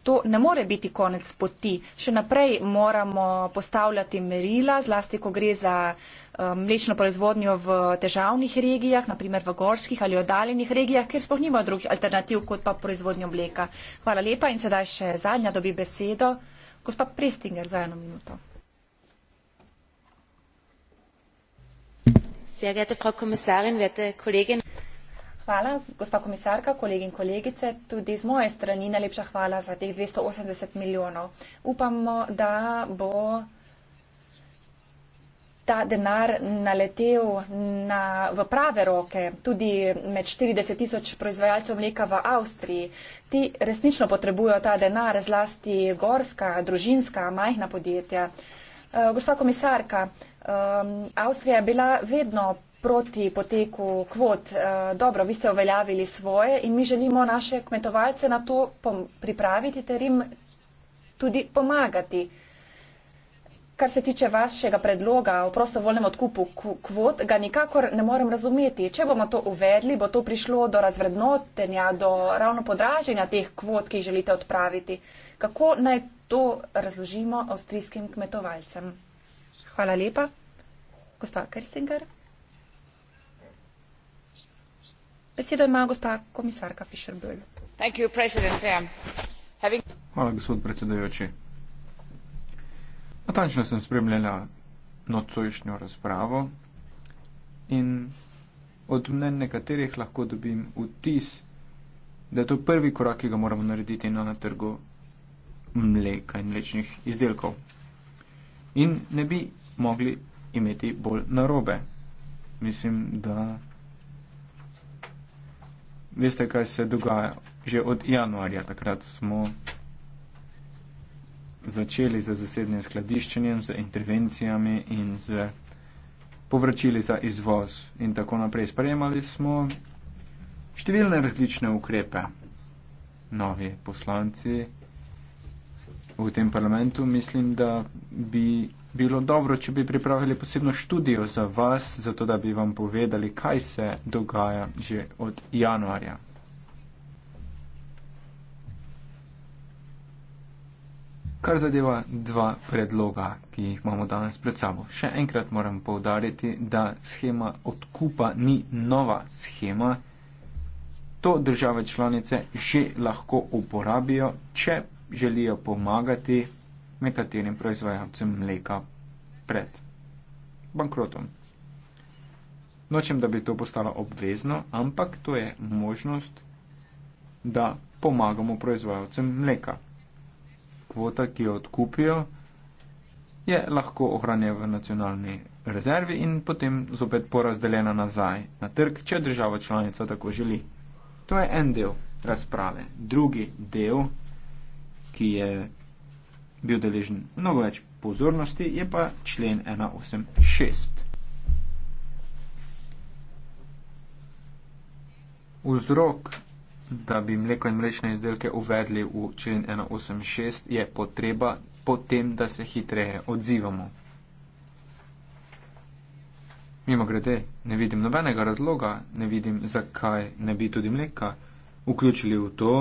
to ne more biti konec poti. Še naprej moramo postavljati merila, zlasti ko gre za eh, mlečno proizvodnjo v težavnih regijah, naprimer v gorskih ali oddaljenih regijah, kjer sploh nima drugih alternativ kot pa proizvodnjo mleka. Hvala lepa in sedaj še zadnja dobi besedo. Gospod Prestinger, za eno minuto. Sehr geehrte Frau Kommissarin, werte Kolleginnen Hvala, gospa komisarka, kolegi in kolegice. Tudi z moje strani najlepša hvala za teh 280 milijonov. Upamo, da bo ta denar naletel na, v prave roke, tudi med 40 tisoč proizvajalcev mleka v Avstriji. Ti resnično potrebujo ta denar, zlasti gorska, družinska, majhna podjetja. Uh, gospa komisarka, um, Avstrija je bila vedno proti poteku kvot. Eh, dobro, vi ste uveljavili svoje in mi želimo naše kmetovalce na to pripraviti ter jim tudi pomagati. Kar se tiče vašega predloga o prostovoljnem odkupu kvot, ga nikakor ne morem razumeti. Če bomo to uvedli, bo to prišlo do razvrednotenja, do ravno podraženja teh kvot, ki jih želite odpraviti. Kako naj to razložimo avstrijskim kmetovalcem? Hvala lepa. Gospa Kerstinger. besedo ima gospa komisarka Fischer-Böll. Hvala, gospod predsedujoči. Natančno sem spremljala nocojšnjo razpravo in od mnen nekaterih lahko dobim vtis, da je to prvi korak, ki ga moramo narediti na trgu mleka in mlečnih izdelkov. In ne bi mogli imeti bolj narobe. Mislim, da veste, kaj se dogaja. Že od januarja takrat smo začeli z zasebnim skladiščenjem, z intervencijami in z povračili za izvoz in tako naprej. Sprejemali smo številne različne ukrepe. Novi poslanci v tem parlamentu mislim, da bi bilo dobro, če bi pripravili posebno študijo za vas, zato da bi vam povedali, kaj se dogaja že od januarja. Kar zadeva dva predloga, ki jih imamo danes pred sabo. Še enkrat moram povdariti, da schema odkupa ni nova schema. To države članice že lahko uporabijo, če želijo pomagati nekaterim proizvajalcem mleka pred bankrotom. Nočem, da bi to postalo obvezno, ampak to je možnost, da pomagamo proizvajalcem mleka. Kvota, ki jo odkupijo, je lahko ohranjena v nacionalni rezervi in potem zopet porazdeljena nazaj na trg, če država članica tako želi. To je en del razprave. Drugi del, ki je bil deležen mnogo več pozornosti, je pa člen 186. Vzrok, da bi mleko in mlečne izdelke uvedli v člen 186, je potreba potem, da se hitreje odzivamo. Mimo grede, ne vidim nobenega razloga, ne vidim, zakaj ne bi tudi mleka vključili v to,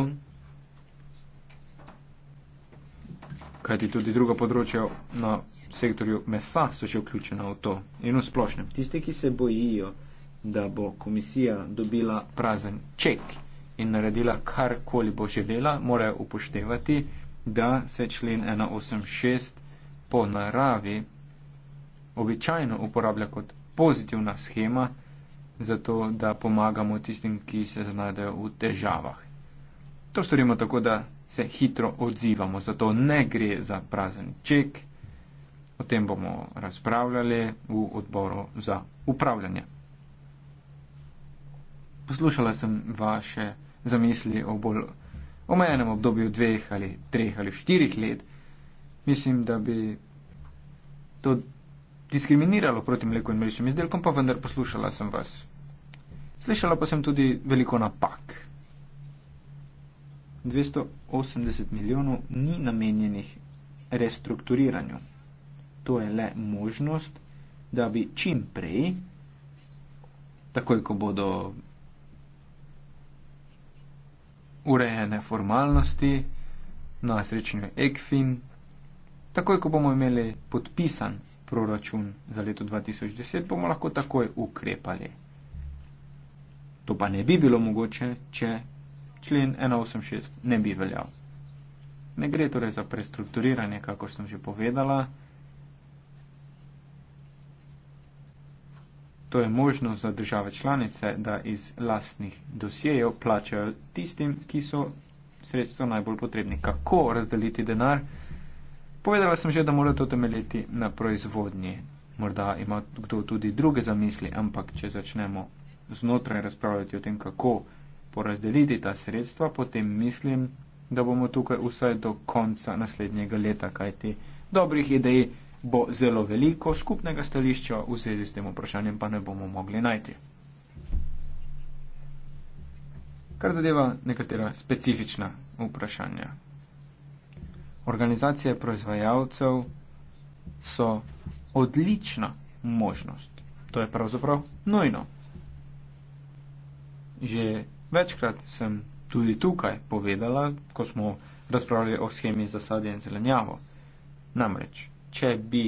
kajti tudi druga področja na sektorju mesa so še vključena v to in v splošnem. Tiste, ki se bojijo, da bo komisija dobila prazen ček in naredila karkoli bo želela, morajo upoštevati, da se člen 186 po naravi običajno uporablja kot pozitivna schema, zato da pomagamo tistim, ki se znajdejo v težavah. To storimo tako, da se hitro odzivamo. Zato ne gre za prazen ček. O tem bomo razpravljali v odboru za upravljanje. Poslušala sem vaše zamisli o bolj omejenem obdobju dveh ali treh ali štirih let. Mislim, da bi to diskriminiralo proti mleku in mlečnim izdelkom, pa vendar poslušala sem vas. Slišala pa sem tudi veliko napak. 280 milijonov ni namenjenih restrukturiranju. To je le možnost, da bi čim prej, takoj ko bodo urejene formalnosti na srečanju ECFIN, takoj ko bomo imeli podpisan proračun za leto 2010, bomo lahko takoj ukrepali. To pa ne bi bilo mogoče, če člen 186 ne bi veljal. Ne gre torej za prestrukturiranje, kako sem že povedala. To je možnost za države članice, da iz lastnih dosjejev plačajo tistim, ki so sredstvo najbolj potrebni. Kako razdeliti denar? Povedala sem že, da mora to temeljiti na proizvodnji. Morda ima kdo tudi druge zamisli, ampak če začnemo znotraj razpravljati o tem, kako porazdeliti ta sredstva, potem mislim, da bomo tukaj vsaj do konca naslednjega leta, kajti dobrih idej bo zelo veliko, skupnega stališča v zvezi s tem vprašanjem pa ne bomo mogli najti. Kar zadeva nekatera specifična vprašanja. Organizacije proizvajalcev so odlična možnost. To je pravzaprav nujno. Že Večkrat sem tudi tukaj povedala, ko smo razpravljali o schemi za sadje in zelenjavo. Namreč, če bi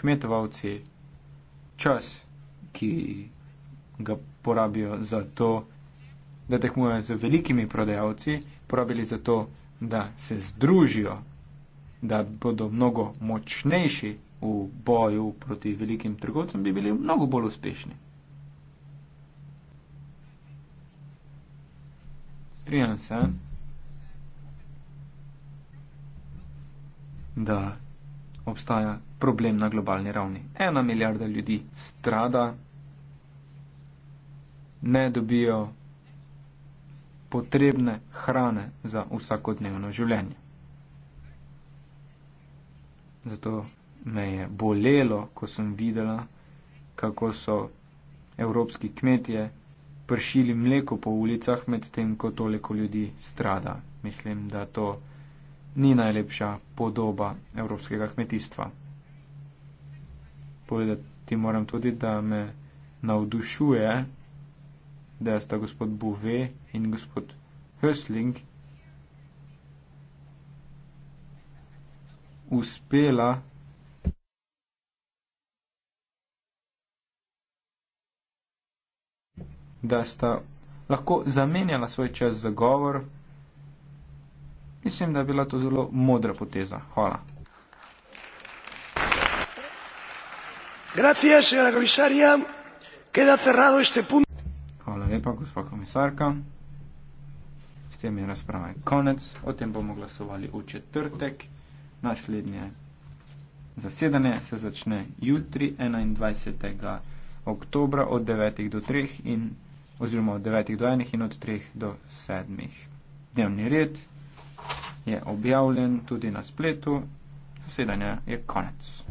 kmetovalci čas, ki ga porabijo za to, da tehmujejo z velikimi prodajalci, porabili za to, da se združijo, da bodo mnogo močnejši v boju proti velikim trgovcem, bi bili mnogo bolj uspešni. Strinjam se, da obstaja problem na globalni ravni. Ena milijarda ljudi strada, ne dobijo potrebne hrane za vsakodnevno življenje. Zato me je bolelo, ko sem videla, kako so evropski kmetije pršili mleko po ulicah, medtem ko toliko ljudi strada. Mislim, da to ni najlepša podoba evropskega kmetijstva. Povedati moram tudi, da me navdušuje, da sta gospod Bouvet in gospod Hösling uspela da sta lahko zamenjala svoj čas za govor, mislim, da je bila to zelo modra poteza. Hvala. Hvala lepa, gospod komisarka. S tem je razprava konec. O tem bomo glasovali v četrtek. Naslednje zasedanje se začne jutri 21. oktobra od 9. do 3 oziroma od 9 do 1 in od 3 do 7. Dnevni red je objavljen tudi na spletu, zasedanja je konec.